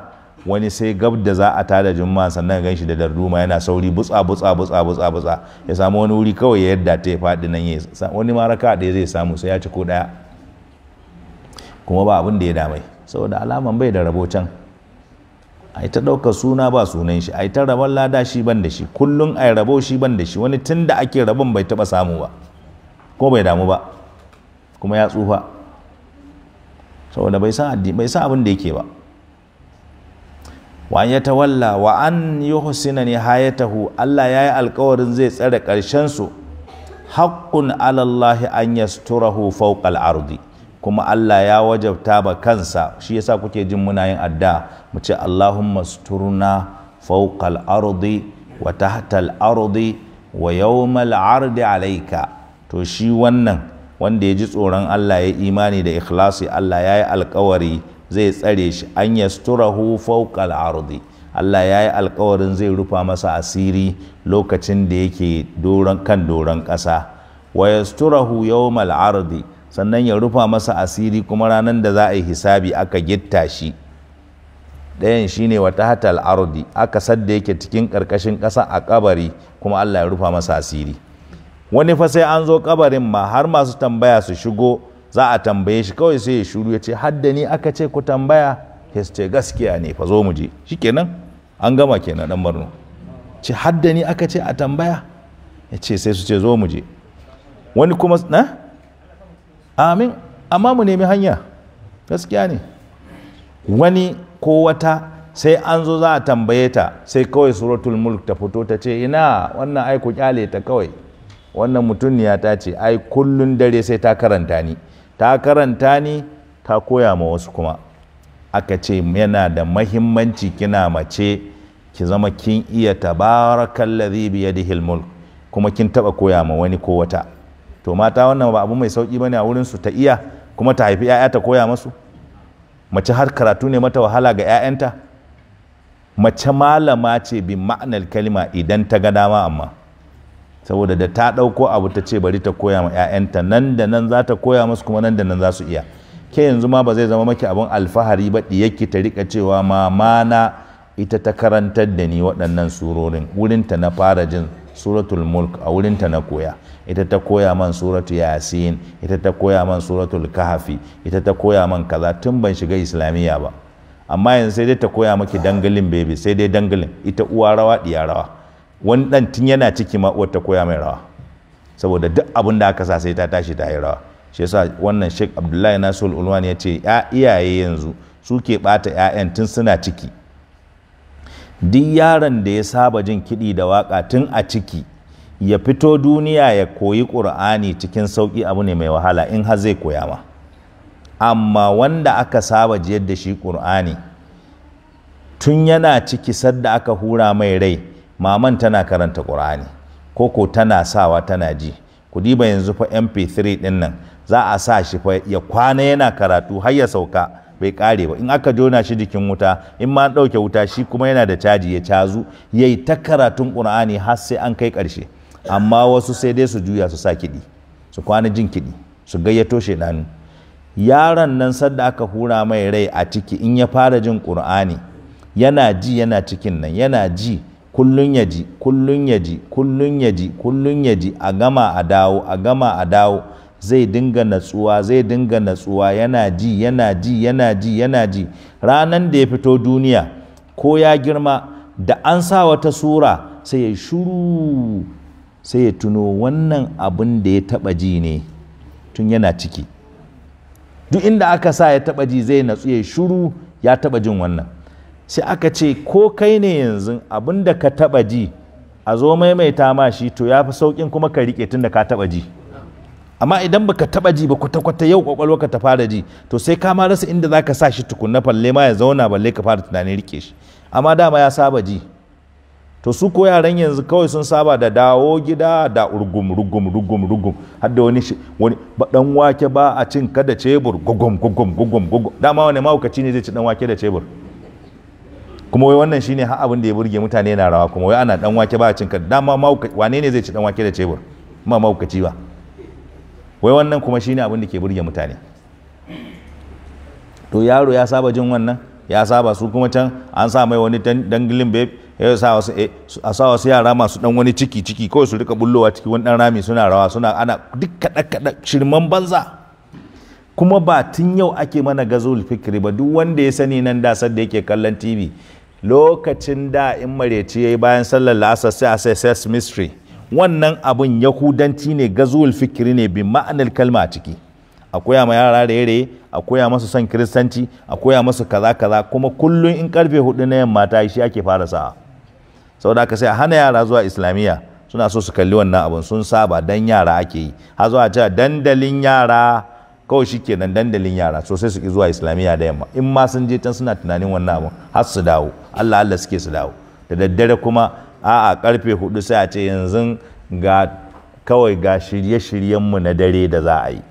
wani sai gab da za a tada juma sannan gan shi da darduma yana sauri butsa butsa butsa butsa butsa ya samu wani wuri kawai ya yadda ta ya fadi nan ya wani ma raka ɗaya zai samu sai ya ci ko daya kuma ba abin da ya damai saboda alaman bai da rabo can a ta ɗaukar suna ba sunan shi a ta rabon lada shi ban da shi kullum ai rabo shi ban da shi wani tun da ake rabon bai taɓa samu ba ko bai damu ba kuma ya tsufa saboda bai san addini bai san abin da yake ba wa an yatawalla wa an yuhsina nihayatahu Allah yayi alƙawarin zai tsare ƙarshen su haqqun ala Allah an yasturahu fawqa al-ardi kuma Allah ya wajabta ba kansa shi yasa kuke jin muna yin adda mu ce Allahumma sturna fawqa al-ardi wa tahta al-ardi wa yawma al-ardi alayka to shi wannan wanda ya ji tsoron Allah ya imani da ikhlasi Allah ya yi alkawari zai tsare shi an yasturahu fawqal ardi Allah ya yi alkawarin zai rufa masa asiri lokacin da yake doron kan doron ƙasa wa ya hu yawmal ardi sannan ya rufa masa asiri kuma ranar da za a yi hisabi aka gitta shi ɗayan shine wata hata ardi aka sadda yake cikin ƙarƙashin ƙasa a kabari kuma Allah ya rufa masa asiri wani fa sai an zo kabarin ma har masu tambaya su shigo za a tambaye shi kawai sai ya shuru ya ce haddani aka ce ku tambaya ya ce gaskiya ne fa zo mu je kenan an gama kenan dan barno ce haddani aka ce a tambaya ya ce sai su ce zo mu je wani kuma na amin amma mu nemi hanya gaskiya ne wani ko wata sai an zo za a tambaye ta sai kawai suratul mulk ta fito ta ce ina wannan aiku kyale ta kawai wannan ya ta ce ai kullun dare sai ta karanta ni ta karanta ni ta koya ma wasu kuma aka ce yana da mahimmanci kina mace ki zama kin iya tabarakan tabarakallazi biyadihil mulk kuma kin taba koya ma wani ko wata to mata wannan ba abu mai sauki bane a wurin su ta iya kuma ta haifi 'ya'ya ta koya masu mace har karatu ne mata wahala ga 'ya'yanta mace malama ce bi ma'anar kalima idan ta ga dama amma saboda da ta ɗauko abu ta ce bari ta koya ma 'ya'yanta nan da nan za ta koya masu kuma nan da nan za su iya ke yanzu ma ba zai zama maki abin alfahari ba ɗiyakki ta rika cewa mamana ita ta karantar da ni waɗannan surorin wurinta na fara jin suratul mulk a wurinta na koya ita ta koya man suratu yasin ita ta koya man suratul kahafi ita ta koya man kaza tun ban shiga islamiyya ba amma yanzu sai dai ta koya maki dangalin bebe sai dai dangalin ita uwa rawa ɗiya rawa wani dan tun yana ciki ma wata koya mai rawa saboda duk abin da aka sa sai ta tashi ta yi rawa shi yasa wannan Sheikh Abdullahi nasul Ulwan ya ce ya iyaye yanzu suke bata ƴaƴan tun suna ciki duk yaron da ya saba jin kiɗi da waka tun a ciki ya fito duniya ya koyi ƙur'ani cikin sauƙi abu ne mai wahala in har zai koya ma amma wanda aka saba jiyar da shi ƙur'ani tun yana ciki sadda aka hura mai rai maman tana karanta ƙur'ani ko ko tana sawa tana ji ku diba yanzu fa mp3 din nan za a sa shi fa ya kwana yana karatu har ya sauka bai kare ba in aka jona shi jikin wuta in ma ɗauke wuta shi kuma yana da caji ya cazu yayi ta karatun ƙur'ani har sai an kai ƙarshe amma wasu sai dai su juya su sa kiɗi su kwana jin kiɗi su gayyato shaidanu yaron nan sadda aka hura mai rai a ciki in ya fara jin ƙur'ani yana ji yana cikin nan yana ji kullun ya ji kullun ya ji kullun ya ji kullun ya ji a gama a dawo a gama a dawo zai dinga natsuwa zai dinga natsuwa yana ji yana ji yana ji yana ji ranan da ya fito duniya ko ya girma da an sa wata sura sai ya shuru sai ya tuno wannan abin da ya taba ji ne tun yana ciki duk inda aka sa ya taba ji zai natsu ya shuru ya taba jin wannan sai aka ce ko kai ne yanzu abin da ka taba ji a zo maimaita ma shi to ya fi sauƙin kuma ka riƙe tun da ka taba ji amma idan baka taba ji ba kwata-kwata yau kwakwalwa ka ta fara ji to sai ka ma rasa inda zaka sa shi tukunna falle ma ya zauna balle ka fara tunanin rike shi amma dama ya saba ji to su ko yaran yanzu kawai sun saba da dawo gida da urgum rugum rugum rugum har da wani wani dan wake ba a cin kada cebur gugum gugum gugum gugum dama wani mahaukaci ne zai ci dan wake da cebur kuma wai wannan shine har abin da ya burge mutane na rawa kuma wai ana dan wake ba cin ka dama mauka wane ne zai ci dan wake da cebur ma mauka ba wai wannan kuma shine abin da ke burge mutane to yaro ya saba jin wannan ya saba su kuma can an sa mai wani dangilin babe ya sa wasu eh, a sa wasu yara masu dan wani ciki ciki kawai su rika bullowa ciki wani dan rami suna rawa suna ana duk kada kada shirman banza kuma ba tun yau ake mana gazul fikri ba duk wanda ya sani nan da da yake kallon tv lokacin da in mareci ya yi bayan sallar la'asar sai a sai sex mystery wannan abun yahudanci ne gazuwul fikiri ne bi ma'anar kalma a ciki a koya ma yara raye a koya masu son kiristanci a koya masu kaza kaza kuma kullum in karfe hudu na yamma ta shi ake fara sa'a saboda aka sai a hana yara zuwa islamiyya suna so su kalli wannan abin sun saba dan yara ake yi har zuwa dandalin yara kawai shi nan dandalin yara sosai su zuwa islamiyya da yamma in ma sun je can suna tunanin wannan abun har su dawo allah allah suke su dawo da daddare kuma a'a karfe hudu sai a ce yanzu ga kawai ga shirye-shiryenmu na dare da za a yi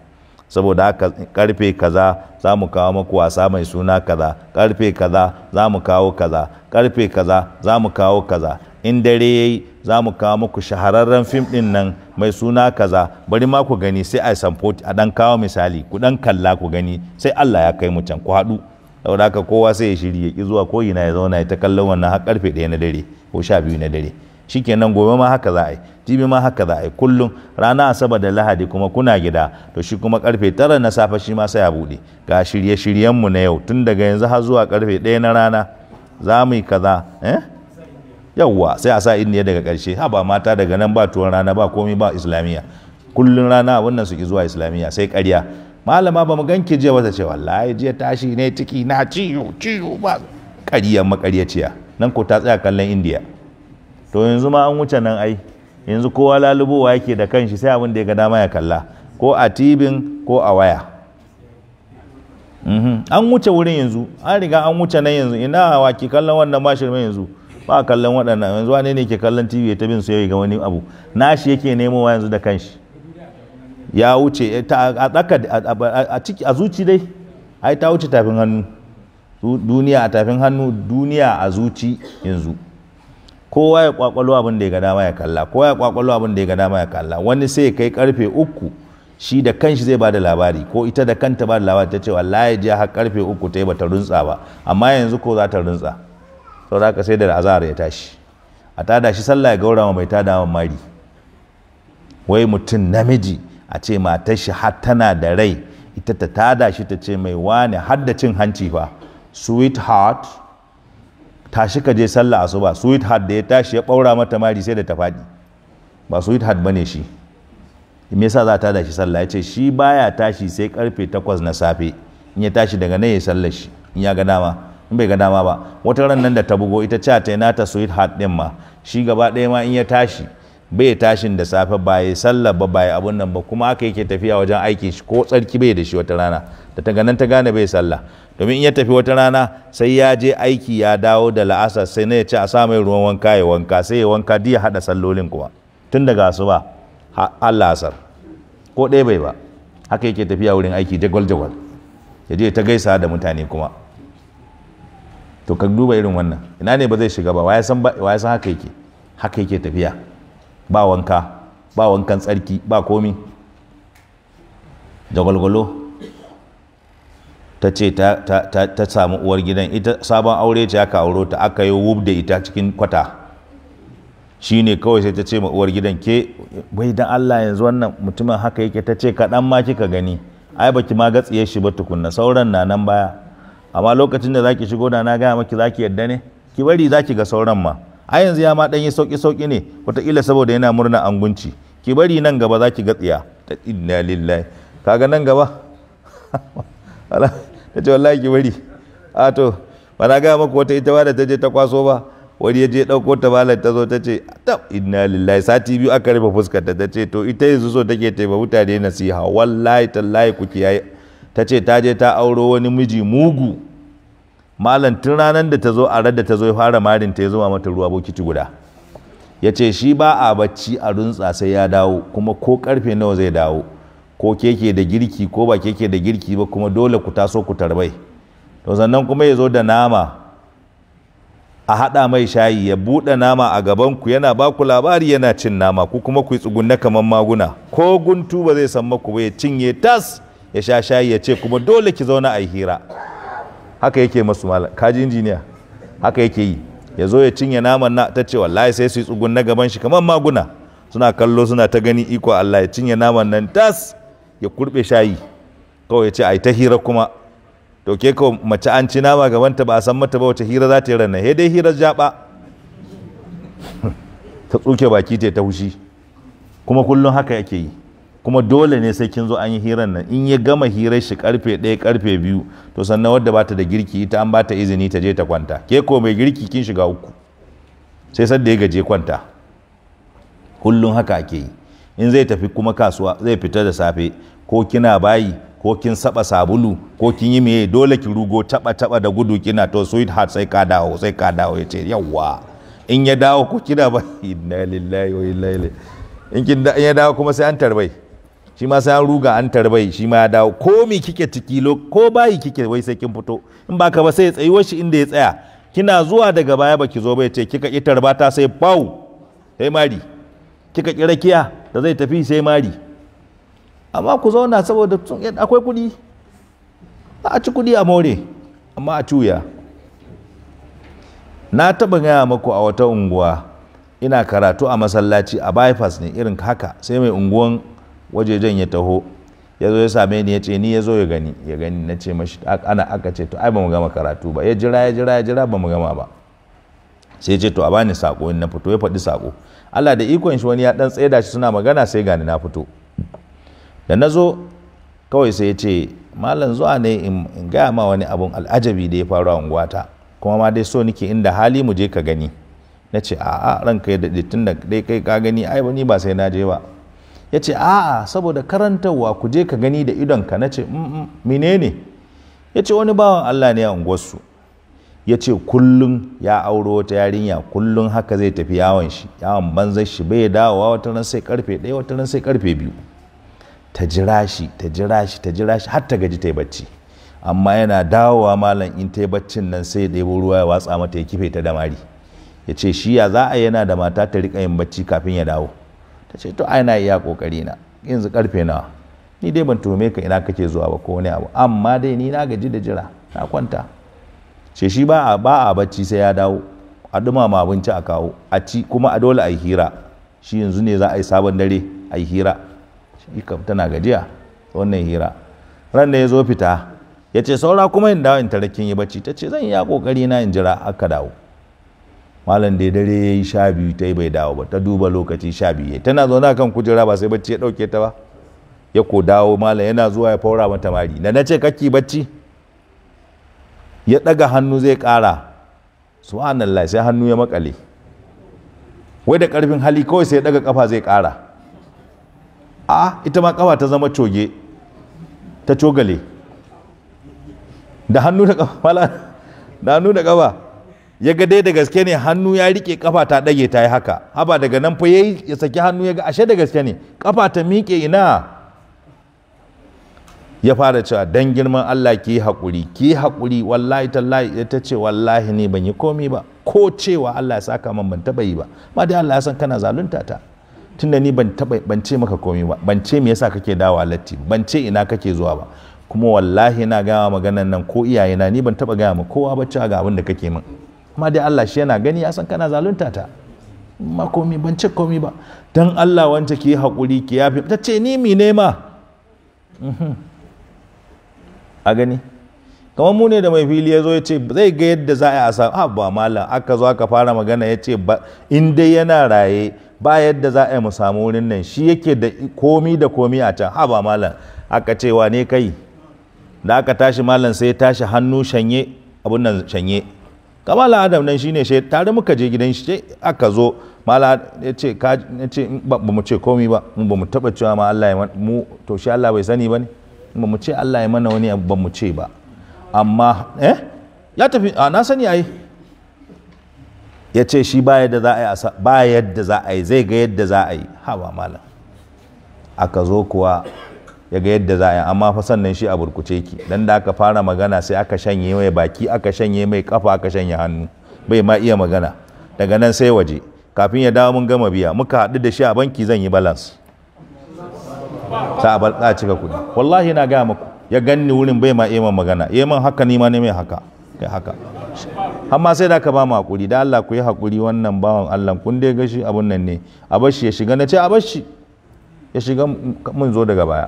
saboda haka karfe kaza za mu kawo maku wasa mai suna kaza karfe kaza za mu kawo kaza karfe kaza za mu kawo kaza in dare ya yi za mu kawo muku shahararren fim din nan mai suna kaza bari ma ku gani sai a samfoti a dan kawo misali ku dan kalla ku gani sai Allah ya kai mu can ku haɗu saboda haka kowa sai ya ya ki zuwa ko ina ya zauna ya ta kallon wannan har karfe 1 na dare ko biyu na dare shikenan gobe ma haka za a yi jibi ma haka za a yi kullum rana asabar da lahadi kuma kuna gida to shi kuma karfe tara na safe shi ma sai a buɗe ga shirye-shiryenmu na yau tun daga yanzu har zuwa karfe ɗaya na rana za mu yi kaza eh yawwa sai a sa indiya daga ƙarshe, ha ba mata daga nan ba tuwon rana ba komai ba islamiyya kullun rana wannan suke zuwa islamiyya sai ƙarya malama ba mu ganki jiya wata ce wallahi jiya tashi ne ciki na ciwo ciwo ba ƙarya maƙaryaciya nan ko ta tsaya kallon indiya to yanzu ma an wuce nan ai yanzu kowa lalubowa yake da kanshi sai abin da ya ga dama ya kalla ko a tibin ko a waya mhm. an wuce wurin yanzu an riga an wuce nan yanzu ina wa ki kallon wannan mashirma yanzu ba kallon waɗannan yanzu wane ne ke kallon tv ta bin su ga wani abu nashi yake nemo wa yanzu da kanshi ya wuce eh, a tsaka a ciki a zuci dai ai ta wuce tafin hannu duniya a tafin hannu duniya a zuci yanzu kowa ya kwakwalo abin da ya ga dama ya kalla kowa ya kwakwalo abin da ya ga dama ya kalla wani sai kai karfe uku shi da kanshi zai ba da labari ko ita da kanta ba da labari ta ce wallahi ji har karfe uku ta yi bata runtsa ba amma yanzu ko za ta runtsa sau da aka sai da azahar ya tashi a tada shi sallah ya gaurama mai tada wa mari wai mutum namiji a ce matar shi har tana da rai ita ta tada shi ta ce mai wane har da cin hanci fa sweetheart tashi ka je sallah asuba sweetheart da ya tashi ya ɓaura mata mari sai da ta faɗi ba sweetheart bane shi me yasa za ta tada shi sallah ya ce shi baya tashi sai karfe takwas na safe in ya tashi daga nan ya sallar shi in ya ga dama bai ga dama ba wata ran nan da ta bugo ita cha ta nata heart din ma shi gaba ɗaya ma in ya tashi bai tashin da safe ba ya sallah ba ba ya abun nan ba kuma aka yake tafiya wajen aiki shi ko tsarki bai da shi wata rana da ta ganin ta gane bai sallah domin in ya tafi wata rana sai ya je aiki ya dawo da la'asa sai na ya ce a sa mai ruwan wanka ya wanka sai ya wanka diya hada sallolin kuma tun daga ba, Allah asar ko ɗaya bai ba haka yake tafiya wurin aiki jagwal jagwal ya je ta gaisa da mutane kuma to ka duba irin wannan ina ne ba zai shiga ba waya san san haka yake haka yake tafiya ba wanka ba wankan tsarki ba komi da gwalgwalo ta ce ta samu uwar gidan ita sabon aure ce aka auro ta aka yi wub da ita cikin kwata shi ne kawai sai ta ce ma uwar gidan ke bai dan Allah yanzu wannan mutumin haka yake ta ce kaɗan ma kika gani ai baki ma gatsiye shi ba tukunna sauran na nan baya amma lokacin da zaki shigo da na gaya maki zaki yadda ne ki bari zaki ga sauran ma a yanzu ya ma dan yi sauki sauki ne wataƙila saboda yana murna angunci ki bari nan gaba zaki ga tsiya ta inna lillahi kaga nan gaba ala ta ce wallahi ki bari a to ba na gaya maka wata ita ba da ta je ta kwaso ba wani ya je ɗauko ta balan ta zo ta ce tab inna lillahi sati biyu aka rufe fuskar ta ta ce to ita yanzu so take taimaka mutane na siha wallahi tallahi ku kiyaye ta ce ta je ta auro wani miji mugu malam tun ranar da ta zo a da ta zo ya fara marin ta ya zama mata ruwa bokiti guda ya ce shi ba a bacci a runtsa sai ya dawo kuma ko karfe nawa zai dawo ko keke da girki ko ba keke da girki ba kuma dole ku taso ku tarbai to sannan kuma ya zo da nama a haɗa mai shayi ya buɗe nama a gaban ku yana ba ku labari yana cin nama ku kuma ku yi tsugunne kamar maguna ko guntu ba zai san maku ba ya cinye tas ya sha shayi ya ce kuma dole ki zauna a hira haka yake masu malam kaji injiniya haka yake yi ya zo ya cinye naman na ta ce wallahi sai su yi tsugun na gaban shi kamar maguna suna kallo suna ta gani iko Allah ya cinye naman nan tas ya kurbe shayi kawai ya ce ai ta hira kuma to ke ko mace an ci nama gaban ta ba a san mata ba wace hira za ta yi ranar dai hira ba ta tsuke baki ta ta hushi kuma kullum haka yake yi kuma dole ne sai kin zo an yi hirar nan in ya gama hirar shi karfe ɗaya karfe biyu to sannan wadda ba ta da girki ita an ba ta izini ta je ta kwanta ke ko mai girki kin shiga uku sai sadda ya gaje kwanta kullum haka ake yi in zai tafi kuma kasuwa zai fita da safe ko kina bayi ko kin saba sabulu ko kin yi meye dole ki rugo taba taba da gudu kina to heart sai ka dawo sai ka dawo ya ce yawwa in ya dawo ko kina ba inna lillahi wa inna in kin ya dawo kuma sai an tarbai shi ma sai an ruga an tarbai shi ma ya dawo ko mi kike ciki ko bayi kike wai sai kin fito in baka ba sai ya tsayi shi inda ya tsaya kina zuwa daga baya baki zo bai ce kika ki tarbata sai bau sai mari kika ki rakiya da zai tafi sai mari amma ku zauna saboda eh, akwai kuɗi a ci kuɗi a more amma a cuya na taɓa gaya maku a wata unguwa ina karatu a masallaci a bypass ne irin haka sai mai unguwan wajejen ya taho ya zo ya same ni ya ce ni ya zo ya gani ya gani na ce mashi ana aka ce to ai ba mu gama karatu ba ya jira ya jira ya jira ba mu gama ba sai ce to a bani sako na fito ya faɗi sako Allah da ikon shi wani ya dan da shi suna magana sai gani na fito da na zo kawai sai ya ce malam zuwa ne in gaya ma wani abun al'ajabi da ya faru a unguwata kuma ma dai so nake inda hali mu je ka gani na ce a'a ranka ya daɗe tun da dai kai ka gani ai ba ni ba sai na je ba ya ce a'a saboda karantarwa ku je ka gani da idonka na ce menene ya ce wani bawan Allah ne a unguwarsu ya ce kullum ya auro wata yarinya kullum haka zai tafi yawon shi yawon banzar shi bai dawowa wata ran sai karfe ɗaya wata ran sai karfe biyu ta jira shi ta jira shi ta jira shi har ta gaji ta yi bacci amma yana dawowa malam in ta yi baccin nan sai ɗebo ruwa ya watsa mata ya kife ta damari ya ce shi ya za a yana da mata ta riƙa yin bacci kafin ya dawo ta ce to ai na iya kokari na yanzu karfe nawa ni dai ban tume ka ina kake zuwa ba ko wani abu amma dai ni na gaji da jira na kwanta ce shi ba a ba a bacci sai ya dawo a ma abinci a kawo a ci kuma a dole a yi hira shi yanzu ne za a yi sabon dare a yi hira shi kam tana gajiya wannan hira ran da ya zo fita yace saura kuma in dawo in tarakin yi bacci ta ce zan yi ya kokari na in jira aka dawo malam da dare ya yi sha biyu ta yi bai dawo ba ta duba lokaci sha biyu tana zaune kan kujera ba sai bacci ya ɗauke ta ba ya ko dawo malam yana zuwa ya faura mata mari da na ce kaki bacci ya ɗaga hannu zai ƙara Allah sai hannu ya makale wai da ƙarfin hali kawai sai ya ɗaga ƙafa zai ƙara a ita ma ƙafa ta zama coge ta cogale da hannu da ƙafa da hannu da ƙafa ya ga dai da gaske ne hannu ya rike kafa ta ɗage ta yi haka haba daga nan fa ya saki hannu ya ga ashe da gaske ne kafa ta miƙe ina ya fara cewa dan girman Allah ki hakuri, ki haƙuri wallahi tallahi ta ce wallahi ne ban yi komi ba ko cewa Allah ya saka man ban taba yi ba ma dai Allah ya san kana zalunta ta tunda ni ban taba ban ce maka komi ba ban ce me yasa kake dawa latti ban ce ina kake zuwa ba kuma wallahi na ga maganan nan ko iyayena ni ban taba gaya ma kowa ba cewa ga abin da kake min amma dai Allah shi yana gani ya san kana zalunta ta ma komi ban ce komi ba dan Allah wance ki hakuri ki yafi ta ce ni mi ne ma mhm. a gani kamar mu da mai fili ya zo ya ce zai ga yadda za a asa a ba mala aka zo aka fara magana ya ce in dai yana raye ba yadda za a mu samu wurin nan shi yake da komi da komi a can ha ba malam aka cewa ne kai da aka tashi malam sai ya tashi hannu shanye abun nan shanye kamala adam nan shine shi tare muka je gidan shi ce aka zo malam ya ce ka ce ba mu ce komai ba ba mu taba cewa ma Allah ya mu to shi Allah bai sani ba ne ba mu ce Allah ya mana wani ba mu ce ba amma eh ya tafi a na sani ai ya ce shi ba yadda za a yi ba yadda za a yi zai ga yadda za a yi ha ba malam aka zo kuwa ya ga yadda za a yi amma fa sannan shi a burkuce ki dan da aka fara magana sai aka shanye mai baki aka shanye mai kafa aka shanye hannu bai ma iya magana daga nan sai waje kafin ya dawo mun gama biya muka haɗu da shi a banki zan yi balance sa a cika kuɗi wallahi na gaya muku ya ganni wurin bai ma iya magana iya man haka ni ma ne mai haka kai haka amma sai da ka ba mu hakuri da Allah ku yi hakuri wannan bawan Allah kun dai gashi abun nan ne a bashi ya shiga na ce a bashi ya shiga mun zo daga baya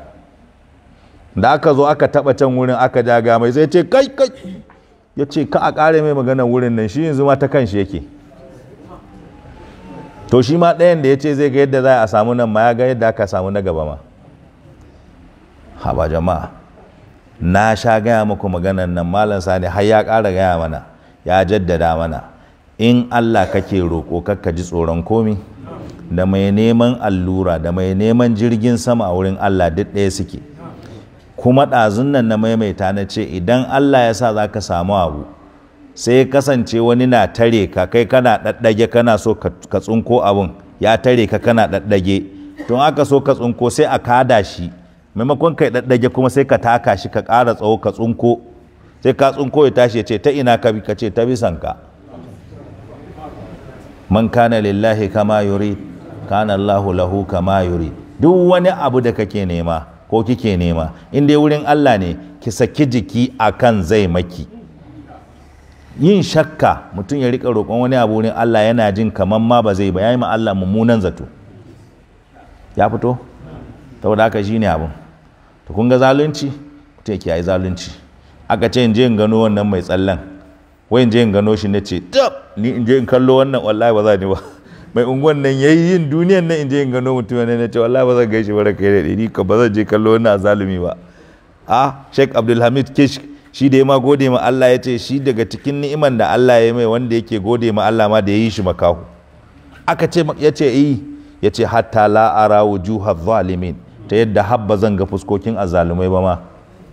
da aka zo aka taba can wurin aka jaga mai sai ce kai kai ya ce ka a kare mai magana wurin nan shi yanzu ma ta kan shi yake to shi ma ɗayan da ya ce zai ga yadda za a samu nan ma ya ga yadda aka samu na gaba ma haba jama'a na sha gaya muku maganan nan malam sani har ya ƙara gaya mana ya jaddada mana in allah kake roƙo kakka ji tsoron komi da mai neman allura da mai neman jirgin sama a wurin allah duk ɗaya suke kuma ɗazun nan na maimaita na ce idan Allah ya sa za ka samu abu sai kasance wani na tare ka kai kana ɗaɗɗage kana so ka tsunko abin ya tare ka kana ɗaɗɗage tun aka so ka tsunko sai a kada shi maimakon kai ɗaɗɗage kuma sai ka taka shi ka ƙara tsawo ka tsunko sai ka tsunko ya tashi ce ta ina ka ce ta bisan ka man kana lillahi kama yuri kana Allahu lahu kama yuri duk wani abu da kake nema ko kike nema in dai wurin Allah ne ki saki jiki akan zai maki yin shakka mutum ya rika roƙon wani abu wurin Allah yana jin kamar ma ba zai ba yayi ma Allah mummunan zato ya fito saboda haka shine abun to kun ga zalunci mutum yake yayi zalunci aka ce in je in gano wannan mai tsallan wai in je in gano shi nace dab! ni in je in kallo wannan wallahi ba za ni ba mai unguwan nan ya yi yin duniyan nan in je in gano mutum ne na ce wallahi ba zan gaishe ba kai da ni ka ba zan je kallo wani zalumi ba a Sheikh Abdulhamid Kish shi da ya ma gode ma Allah ya ce shi daga cikin ni'iman da Allah ya mai wanda yake gode ma Allah ma da ya yi shi makahu aka ce ya ce yi eh, ya ce hatta la ara wujuha zalimin ta yadda habba zan ga fuskokin azalumai ba ma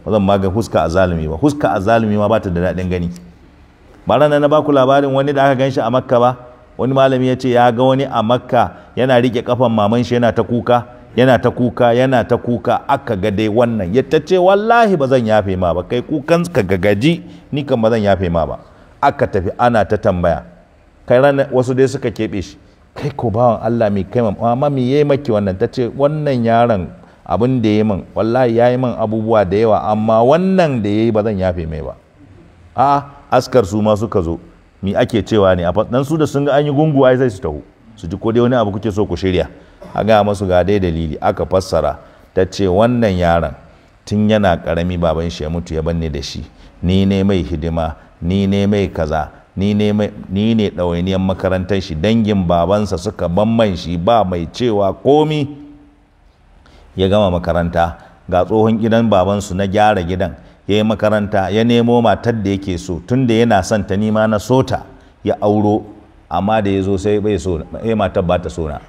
ba zan ma ga huska azalumi ba huska azalumi ma ba ta da daɗin gani ba ranar na ku labarin wani da aka gan shi a makka ba wani malami ya ce ya ga wani a makka yana rike kafan maman shi yana ta kuka yana ta kuka yana ta kuka aka ga dai wannan ya ta ce wallahi ba zan yafe ma ba kai kukan ka gagaji ni kan ba zan yafe ma ba aka tafi ana ta tambaya kai ran wasu dai suka keɓe shi kai ko bawan Allah mai kai mama mi yayi maki wannan ta ce wannan yaron abin da yayi min wallahi yayi min abubuwa da yawa amma wannan da yayi ba zan yafe mai ba a askar su ma suka zo mi ake cewa ne a dan su da sun ga an yi gungu ai sai su taho su ji ko dai wani abu kuke so ku shirya a ga masu ga dai dalili aka fassara ta ce wannan yaron tun yana karami baban shi ya mutu ya banne da shi ni ne mai hidima ni ne mai kaza ni ne ɗawainiyar makarantar shi dangin babansa suka ban man shi ba mai cewa komi ya gama makaranta ga tsohon gidan babansu na gyara gidan ya yi makaranta ya nemo matar da yake so tun da yana son ta nima na sota ya auro amma da ya zo sai bai so ya eh, matar ba ta so na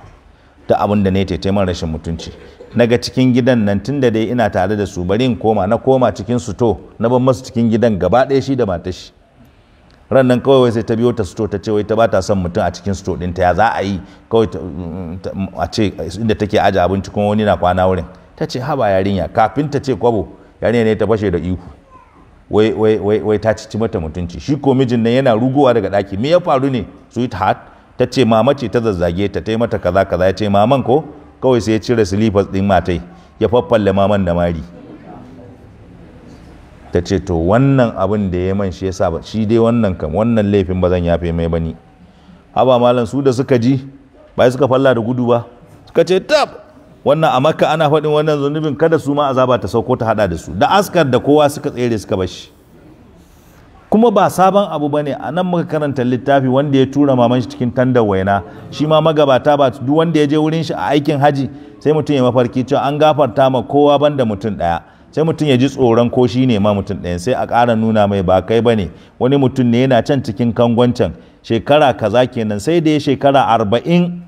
ta abin da ne taimar rashin mutunci naga cikin gidan nan tun da dai ina tare da su bari in koma na koma cikin su to na ban masu cikin gidan gaba ɗaya shi da matar shi ran nan kawai sai ta biyo ta suto ta ce wai ta ba son mutum a cikin suto ɗinta ya za a yi kawai mm, a ce inda take aje abinci kuma wani na kwana wurin ta ce haba yarinya kafin ta ce kwabo yarinya ne ta fashe da ihu wai ta cici mata mutunci shi ko mijin nan yana rugowa daga daki me ya faru ne sweetheart ta ce mama ce ta zazzage ta ta yi mata kaza kaza ya ce maman ko kawai sai ya cire silifas din matai ya faffalle maman da mari ta ce to wannan abin da ya man shi yasa ba shi dai wannan kam wannan laifin ba zan yafe mai bani haba malam su da suka ji ba suka falla da gudu ba suka ce tab wannan a makka ana faɗin wannan zunubin kada su ma azaba ta sauko ta hada da su da askar da kowa suka tsere suka bashi kuma ba sabon abu bane a nan muka karanta littafi wanda ya tura maman shi cikin tandar waina shi ma magabata ba duk wanda ya je wurin shi a aikin haji sai mutum ya mafarki cewa an gafarta ma kowa banda mutum ɗaya. sai mutum ya ji tsoron ko shi ne ma mutum ɗaya, sai a ƙara nuna mai ba kai ba ne wani mutum ne yana can cikin kangon shekara kaza kenan sai da ya shekara arba'in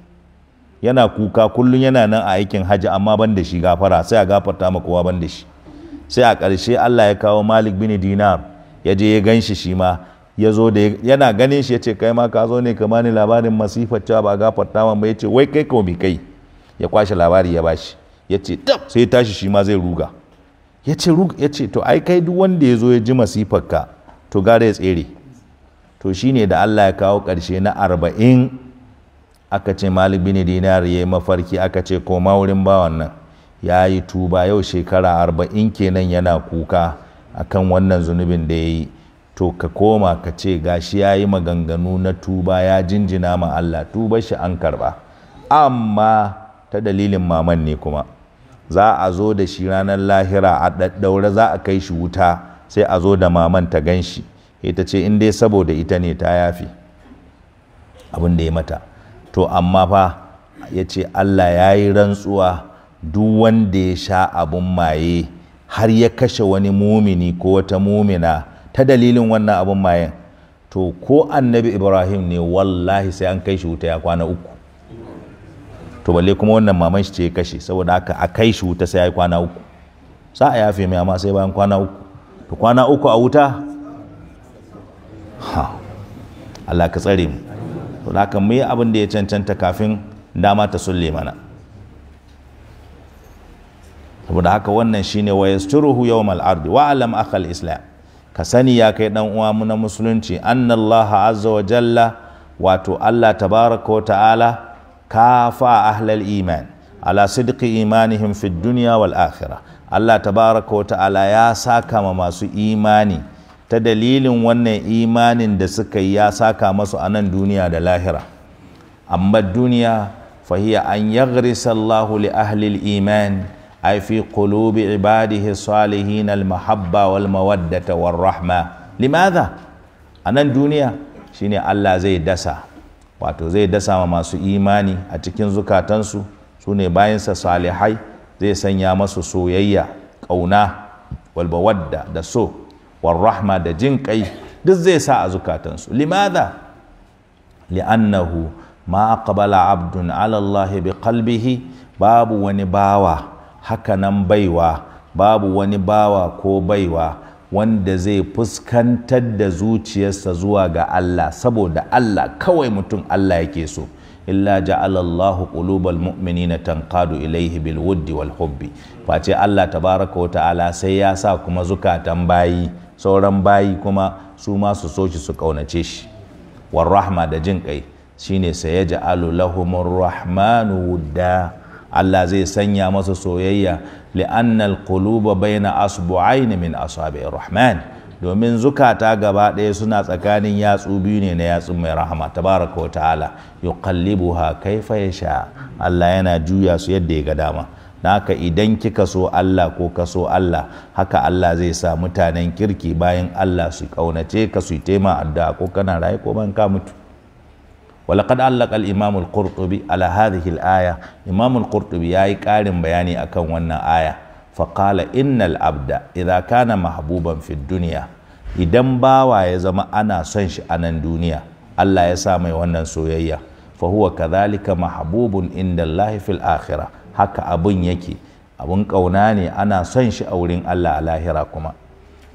yana kuka kullum yana nan a aikin hajji amma ban da shi gafara sai a gafarta ma kowa ban da shi sai a ƙarshe Allah ya kawo Malik bin Dinar ya je ya ganshi shi ma ya zo da yana ganin shi ya ce kai ma ka zo ne ka bani labarin masifar cewa ba gafarta ma ba ya ce wai kai ko mi kai ya kwashe labari ya bashi ya ce dab sai ya tashi shi ma zai ruga ya ce ya ce to ai kai duk wanda ya zo ya ji masifar ka to gare ya tsere to shine da Allah ya kawo ƙarshe na arba'in aka ce malik bin dinar ya yi mafarki aka ce koma wurin bawan nan ya yi tuba yau shekara arba'in kenan yana kuka akan wannan zunubin da ya yi to ka koma ka ce gashi ya yi maganganu na tuba ya jinjina ma Allah tuba shi an karba amma ta dalilin maman ne kuma za a zo da shi ranar lahira a daddaure za a kai shi wuta sai a zo da maman ta gan shi ita ce in dai saboda ita ne ta yafi abin da ya mata to amma fa ya ce Allah ya yi rantsuwa duk wanda ya sha abun maye har ya kashe wani mumini ko wata mumina ta dalilin wannan abun maye. to ko annabi ibrahim ne wallahi sai an kai shi wuta ya kwana uku to balle kuma wannan maman shi ce ya kashe saboda haka a kai shi wuta sai ya kwana uku sa a yafe mai amma sai bayan kwana uku to kwana uku a wuta ha Allah ka tsare mu to da haka mu yi abin da ya cancanta kafin dama ta sulle mana saboda haka wannan shine wa yasturuhu yawmal ardi wa alam akhal islam ka sani ya kai dan uwa mu na musulunci annallaha azza wa jalla wato Allah tabaraka wa ta'ala kafa ahlal iman ala sidqi imanihim fid dunya wal akhirah Allah tabaraka wa ta'ala ya saka ma masu imani ta dalilin wannan imanin da suka yi ya saka masu a nan duniya da lahira amma duniya fahiya an yaghrisa Allahu li ahli iman ai fi qulubi ibadihi salihin al-mahabba wal mawaddata war rahma limadha a nan duniya shine Allah zai dasa wato zai dasa ma masu imani a cikin zukatansu su ne bayansa salihai zai sanya masu soyayya ƙauna walbawadda da so warrahma da jin kai duk zai sa a zukatansu limadha li'annahu ma aqbala abdun ala Allah bi qalbihi babu wani bawa hakanan baiwa babu wani bawa ko baiwa wanda zai fuskantar da zuciyarsa zuwa ga Allah saboda Allah kawai mutum Allah yake so illa ja'ala Allahu qulubal mu'minina tanqadu ilaihi bil wuddi wal hubbi face Allah tabaraka wa ta'ala sai ya sa kuma zukatan bayi sauran bayi kuma su ma su so shi su kaunace shi war rahma da jin kai shine sai ya ja'alu lahumur rahmanu wudda Allah zai sanya masa soyayya li'annal quluba baina asbu'aini min asabi'ir rahman domin zukata gaba ɗaya suna tsakanin yatsu biyu ne na yatsun mai rahama tabaraka wa ta'ala yuqallibuha kaifa yasha Allah yana juya su yadda ya ga dama naka idan kika so Allah ko ka so Allah haka Allah zai sa mutanen kirki bayan Allah su kaunace ka su tema addu'a ko kana raye ko ban ka mutu walaqad allaqa al-imam al-qurtubi ala hadhihi al-aya imam al-qurtubi yayi karin bayani akan wannan aya fa qala innal abda idza kana mahbuban fi dunya idan bawa ya zama ana son shi a nan duniya Allah ya sa mai wannan soyayya fa huwa kadhalika mahbubun inda fil akhirah haka abun yake abun ƙauna ne ana son shi a wurin Allah a lahira kuma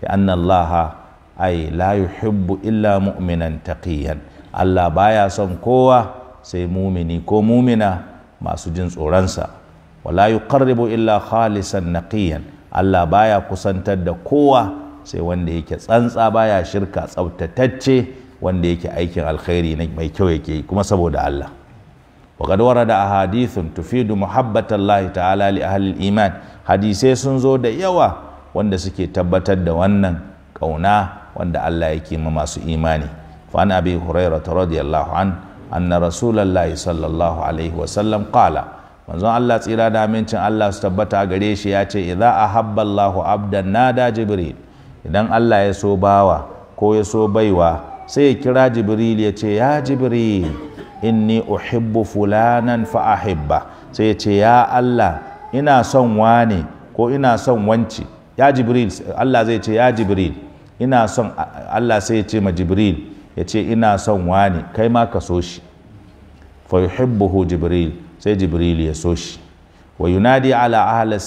ya annallaha ai la yuhibbu illa mu'minan taqiyan Allah baya son kowa sai mumini ko mumina masu jin tsoronsa wala yuqarribu illa khalisan naqiyan Allah baya kusantar da kowa sai wanda yake tsantsa baya shirka tsaftatacce wanda yake aikin alkhairi mai kyau yake kuma saboda Allah da ورد أحاديث تفيد محبة الله تعالى iman, hadisai sun zo da yawa wanda suke tabbatar da wannan ƙauna wanda Allah yake ma masu imani fa an abi hurairah radiyallahu an anna rasulullahi sallallahu alaihi wa sallam manzon Allah tsira da amincin Allah su tabbata gare shi ya ce idza ahabba abdan nada jibril idan Allah ya so bawa ko ya so baiwa sai ya kira jibril ya ce ya jibril inni uhibbu fulanan fa ahibba sai ya ce ya Allah ina son wane ko ina son wanci ya jibril Allah zai ce ya jibril ina son Allah sai ya ce ma jibril ya ce ina son wane kai ma ka so shi fa yuhibbuhu jibril sai jibril ya so shi wa yunadi ala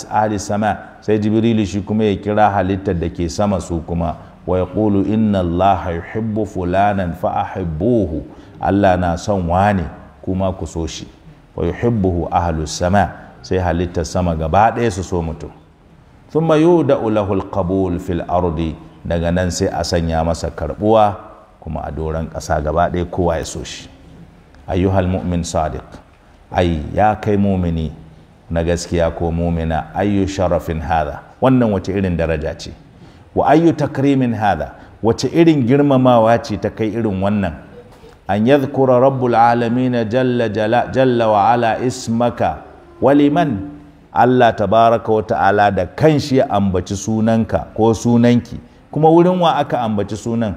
ahli sama sai jibril shi kuma ya kira halittar da ke sama su kuma wa yaqulu inna allaha yuhibbu fulanan fa ahibbuhu Allah na son wane kuma ku so shi wa yuhibbuhu ahlus sama sai halitta sama gaba ɗaya su so mutum thumma da lahul qabul fil ardi daga nan sai a sanya masa karbuwa kuma a doran ƙasa gaba ɗaya kowa ya so shi ayyuhal mu'min sadiq ay ya kai mumini na gaskiya ko mumina ayyu sharafin hada wannan wace irin daraja ce wa ayyu takrimin hada wace irin girmamawa ce ta kai irin wannan an yadhkura rabbul alamin jalla jalla jalla wa ala ismaka waliman Allah ta baraka wa ta'ala da kanshi ya ambaci sunanka ko sunanki kuma wurin wa aka ambaci sunan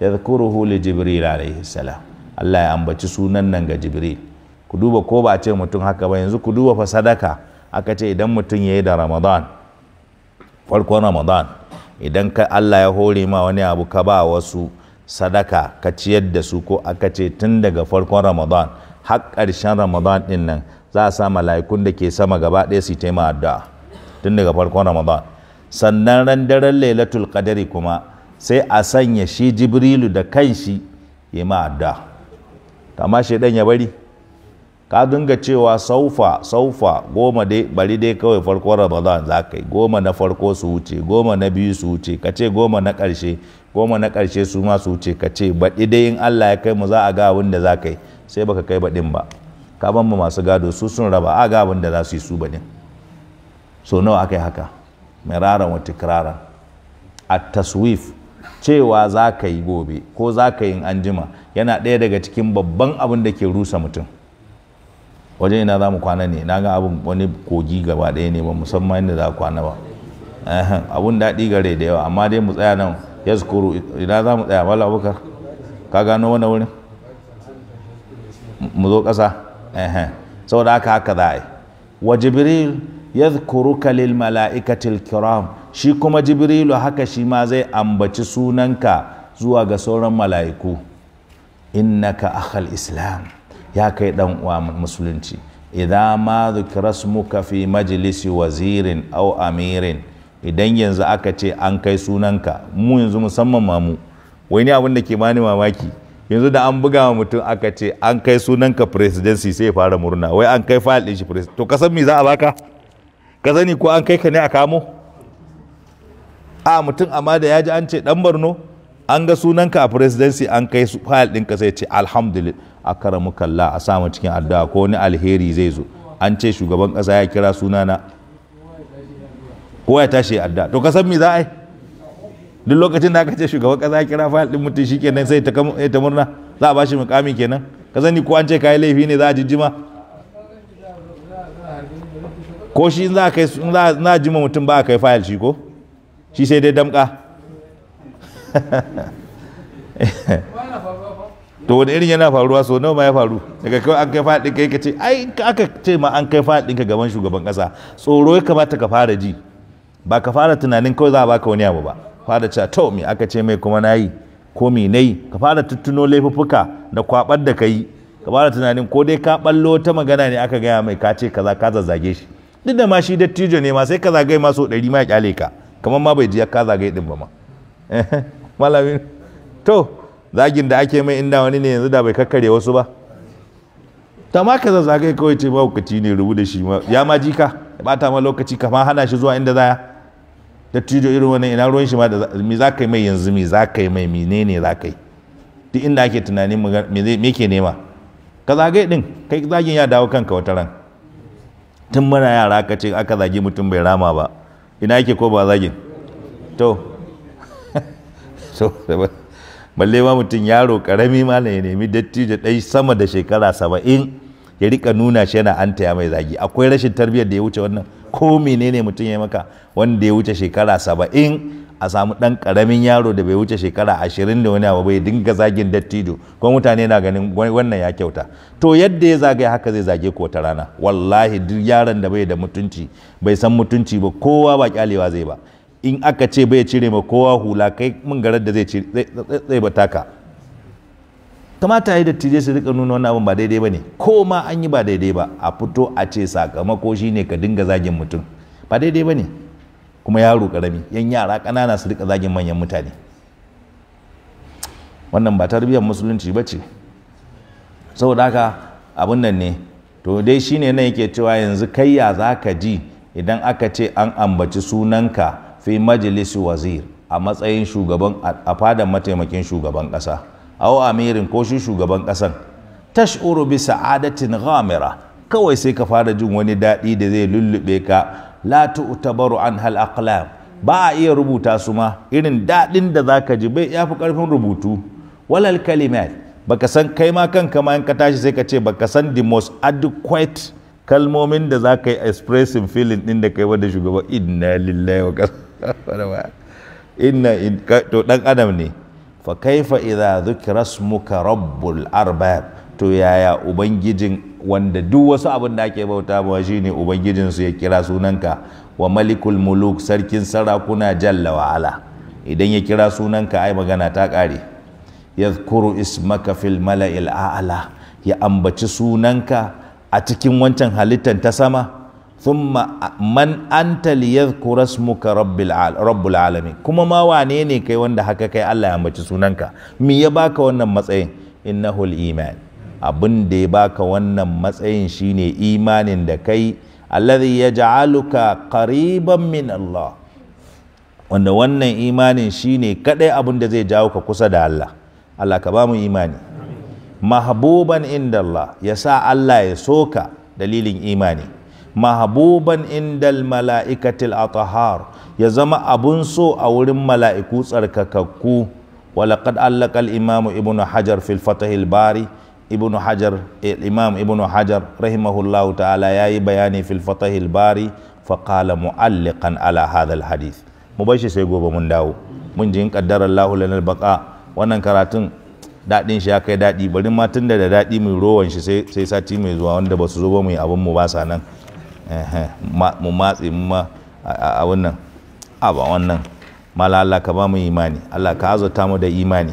yadhkuruhu li jibril alaihi salam Allah ya ambaci sunan nan ga jibril ku duba ko ba ce mutum haka ba yanzu ku duba fa sadaka aka ce idan mutum yayi da ramadan farkon ramadan idan Allah ya hore ma wani abu ka ba wasu sadaka ka ciyar da su ko aka ce tun daga farkon ramadan har ƙarshen ramadan ɗin nan za a sa mala'ikun da ke sama gaba ɗaya su taima addu'a tun daga farkon ramadan sannan ran daren lailatul qadari kuma sai a sanya shi jibrilu da kanshi ya ma addu'a amma shaidan ya bari ka dinga cewa saufa saufa goma dai bari dai kawai farkon ramadan za ka yi goma na farko su wuce goma na biyu su wuce ka ce goma na ƙarshe goma na ƙarshe su ma su ce ka ce baɗi dai in Allah ya kai mu za a ga abin da za ka yi sai baka kai baɗin ba ka ban mu masu gado su sun raba a ga abin da za su yi su baɗin so nawa aka yi haka miraran wata kirara a taswif cewa za ka yi gobe ko za ka yi anjima yana ɗaya daga cikin babban abin da ke rusa mutum wajen ina za mu kwana ne na ga abin wani kogi gaba ɗaya ne ba musamman yadda za kwana ba abun daɗi gare da yawa amma dai mu tsaya nan zukuru ina za mu tsaya mala abubakar ka gano wani wurin mu zo ƙasa saboda aka haka za a yi wa jibril zukuru kalil mala'ikatil kiram shi kuma jibrilu haka shi ma zai ambaci sunanka zuwa ga sauran mala'iku innaka akhal islam ya kai dan uwa musulunci idan ma dhukira smuka fi majalisi wazirin au amirin idan yanzu aka ce an kai sunanka mu yanzu musamman mamu wani abin da ke bani mamaki yanzu da an buga wa mutum aka ce an kai sunanka presidency sai ya fara murna wai an kai file din shi presidency to kasan me za a baka ka sani ko an kai ka ne a kamo a mutum amma da ya ji an ce dan Borno an ga sunanka a presidency an kai file ka sai ce alhamdulillah a karamu kalla a samu cikin addu'a ko ni alheri zai zo an ce shugaban kasa ya kira sunana kowa ya tashi adda to ka san me za a yi duk lokacin da aka ce shugaban kasa ya kira fayil din mutum shikenan sai ta ta murna za a bashi mukami kenan ka sani ko an ce kai laifi ne za a jijjima ko shi in za a kai in za a jima mutum ba a kai fayil shi ko shi sai dai damka to wani irin yana faruwa so nawa ma ya faru daga kawai an kai faɗin kai ka ce ai aka ce ma an kai faɗin ka gaban shugaban ƙasa tsoro ya kamata ka fara ji ba ka fara tunanin kawai za a baka wani abu ba fara cewa to me aka ce mai kuma nayi ko me nayi ka fara tuttuno laifuffuka da kwabar da kai ka fara tunanin ko dai ka ballo ta magana ne aka gaya mai ka ce kaza ka zazzage shi duk da ma shi dattijo ne ma sai ka zagaye ma so ɗari ma ya kyale ka kamar ma bai ji ka zagaye din ba ma malamin to zagin da ake mai inda wani ne yanzu da bai kakkare wasu ba ta ma ka zazzagaye kawai ce mahaukaci ne rubu da shi ya ma ji ka bata ma lokaci ka ma hana shi zuwa inda zaya da tijo irin wani ina ruwan shi ma da mi za ka yi mai yanzu me za ka yi mai ne za ka yi duk inda ake tunanin me ke nema ka zagaye din kai zagin ya dawo kanka wata ran tun muna yara ka ce aka zagi mutum bai rama ba ina yake ko ba zagin to balle ma mutum yaro karami ma ne nemi dattijo ɗai sama da shekara saba'in ya rika nuna shi yana an taya mai zagi akwai rashin tarbiyyar da ya wuce wannan ko menene mutum ya maka wanda ya wuce shekara saba'in a samu ɗan ƙaramin yaro da bai wuce shekara ashirin da wani abu bai dinga zagin dattijo kuma mutane na ganin wannan ya kyauta to yadda ya zagaya haka zai zage ko wata rana wallahi duk yaron da bai da mutunci bai san mutunci ba kowa ba kyalewa zai ba in aka ce bai cire ma kowa hula kai mun garar da zai zai bataka kamata ya dattijai su rika nuna wannan abin ba daidai ba ne ko ma an yi ba daidai ba a fito a ce sakamako shi ne ka dinga zagin mutum ba daidai ba ne kuma yaro karami yan yara ƙanana su rika zagin manyan mutane wannan ba tarbiyyar musulunci ba ce saboda haka abin nan ne to dai shine nan yake cewa yanzu kai ya za ka ji idan aka ce an ambaci sunanka fi majalisi wazir a matsayin shugaban a fadan mataimakin shugaban ƙasa aw amirin ko shi shugaban ƙasan tash'uru bi sa'adatin ghamira kawai sai ka fara jin wani daɗi da zai lullube ka la tu'tabaru an hal aqlam ba a iya rubuta su ma irin daɗin da zaka ji bai yafi ƙarfin rubutu walal kalimat baka san kai ma kanka ma in ka tashi sai ka ce baka san the most adequate kalmomin da za ka yi expressing feeling ɗin da kai wanda shugaba inna lillahi wa inna to dan adam ne fa kaifa idza dhukira ismuka rabbul arbab to yaya ubangijin wanda duk wasu abin da ake bauta ba shine ubangijin su ya kira sunanka wa malikul muluk sarkin sarakuna jalla wa ala idan ya kira sunanka ai magana ta kare yazkuru ismaka fil mala'il a'la ya ambaci sunanka a cikin wancan halittar ta sama thumma man anta liyadhkura ismuka rabbil kuma ma wanene kai wanda haka kai Allah ya ambaci sunanka me ya baka wannan matsayin innahu iman abin da ya baka wannan matsayin shine imanin da kai alladhi yaj'aluka qariban min Allah wanda wannan imanin shine kadai abin da zai jawo ka kusa da Allah Allah ka bamu imani mahbuban inda Allah ya sa Allah ya soka dalilin imani mahabuban indal mala'ikatil atahar ya zama abun so a wurin mala'iku tsarkakakku walaƙad allakal imamu ibnu hajar fil fatahil bari ibnu hajar eh, imam ibnu hajar rahimahullahu ta'ala yayi bayani fil fatahil bari fa qala mu'alliqan ala hadha hadith mu bashi shi sai gobe mun dawo mun ji in qaddara Allahu lana baqa wannan karatun daɗin shi ya kai daɗi bari ma tun da daɗi mai rowan shi sai sati mai zuwa wanda ba su zo ba mu yi abin mu ba sa nan mu matse mu ma a wannan a ba wannan mala Allah ka ba mu imani Allah ka azurta mu da imani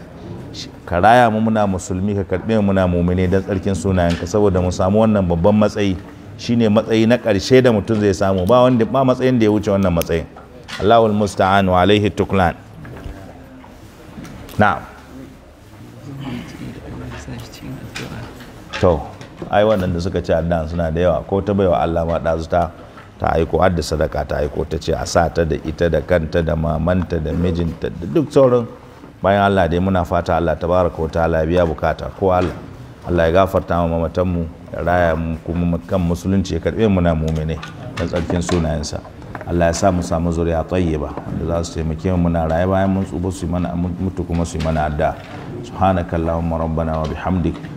ka raya mu muna musulmi ka karbe mu muna mumine don tsarkin ka saboda mu samu wannan babban matsayi shine matsayi na karshe da mutum zai samu ba wanda ba matsayin da ya wuce wannan matsayin Allahul musta'an wa alaihi tuklan na'am to ai da suka ci addan suna da yawa ko ta baiwa Allah ma ɗazu ta ta aiko har da sadaka ta aiko ta ce a sa ta da ita da kanta da mamanta da mijinta da duk sauran bayan Allah dai muna fata Allah tabaraka wa ta'ala biya bukata ko Allah Allah ya gafarta mu mamatan mu ya raya mu kuma kan musulunci ya karbe muna na mu'mine tsarkin sunayensa Allah ya sa mu samu zuriya tayyiba wanda za su taimake mu muna raye bayan mun tsuba su mana mutu kuma su mana adda subhanakallahumma rabbana wa bihamdika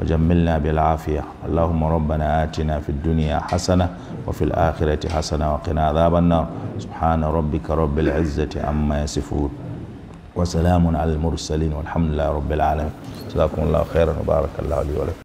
وجملنا بالعافية اللهم ربنا آتنا في الدنيا حسنة وفي الآخرة حسنة وقنا عذاب النار سبحان ربك رب العزة عما يصفون وسلام على المرسلين والحمد لله رب العالمين جزاكم الله خيرا وبارك الله لي ولكم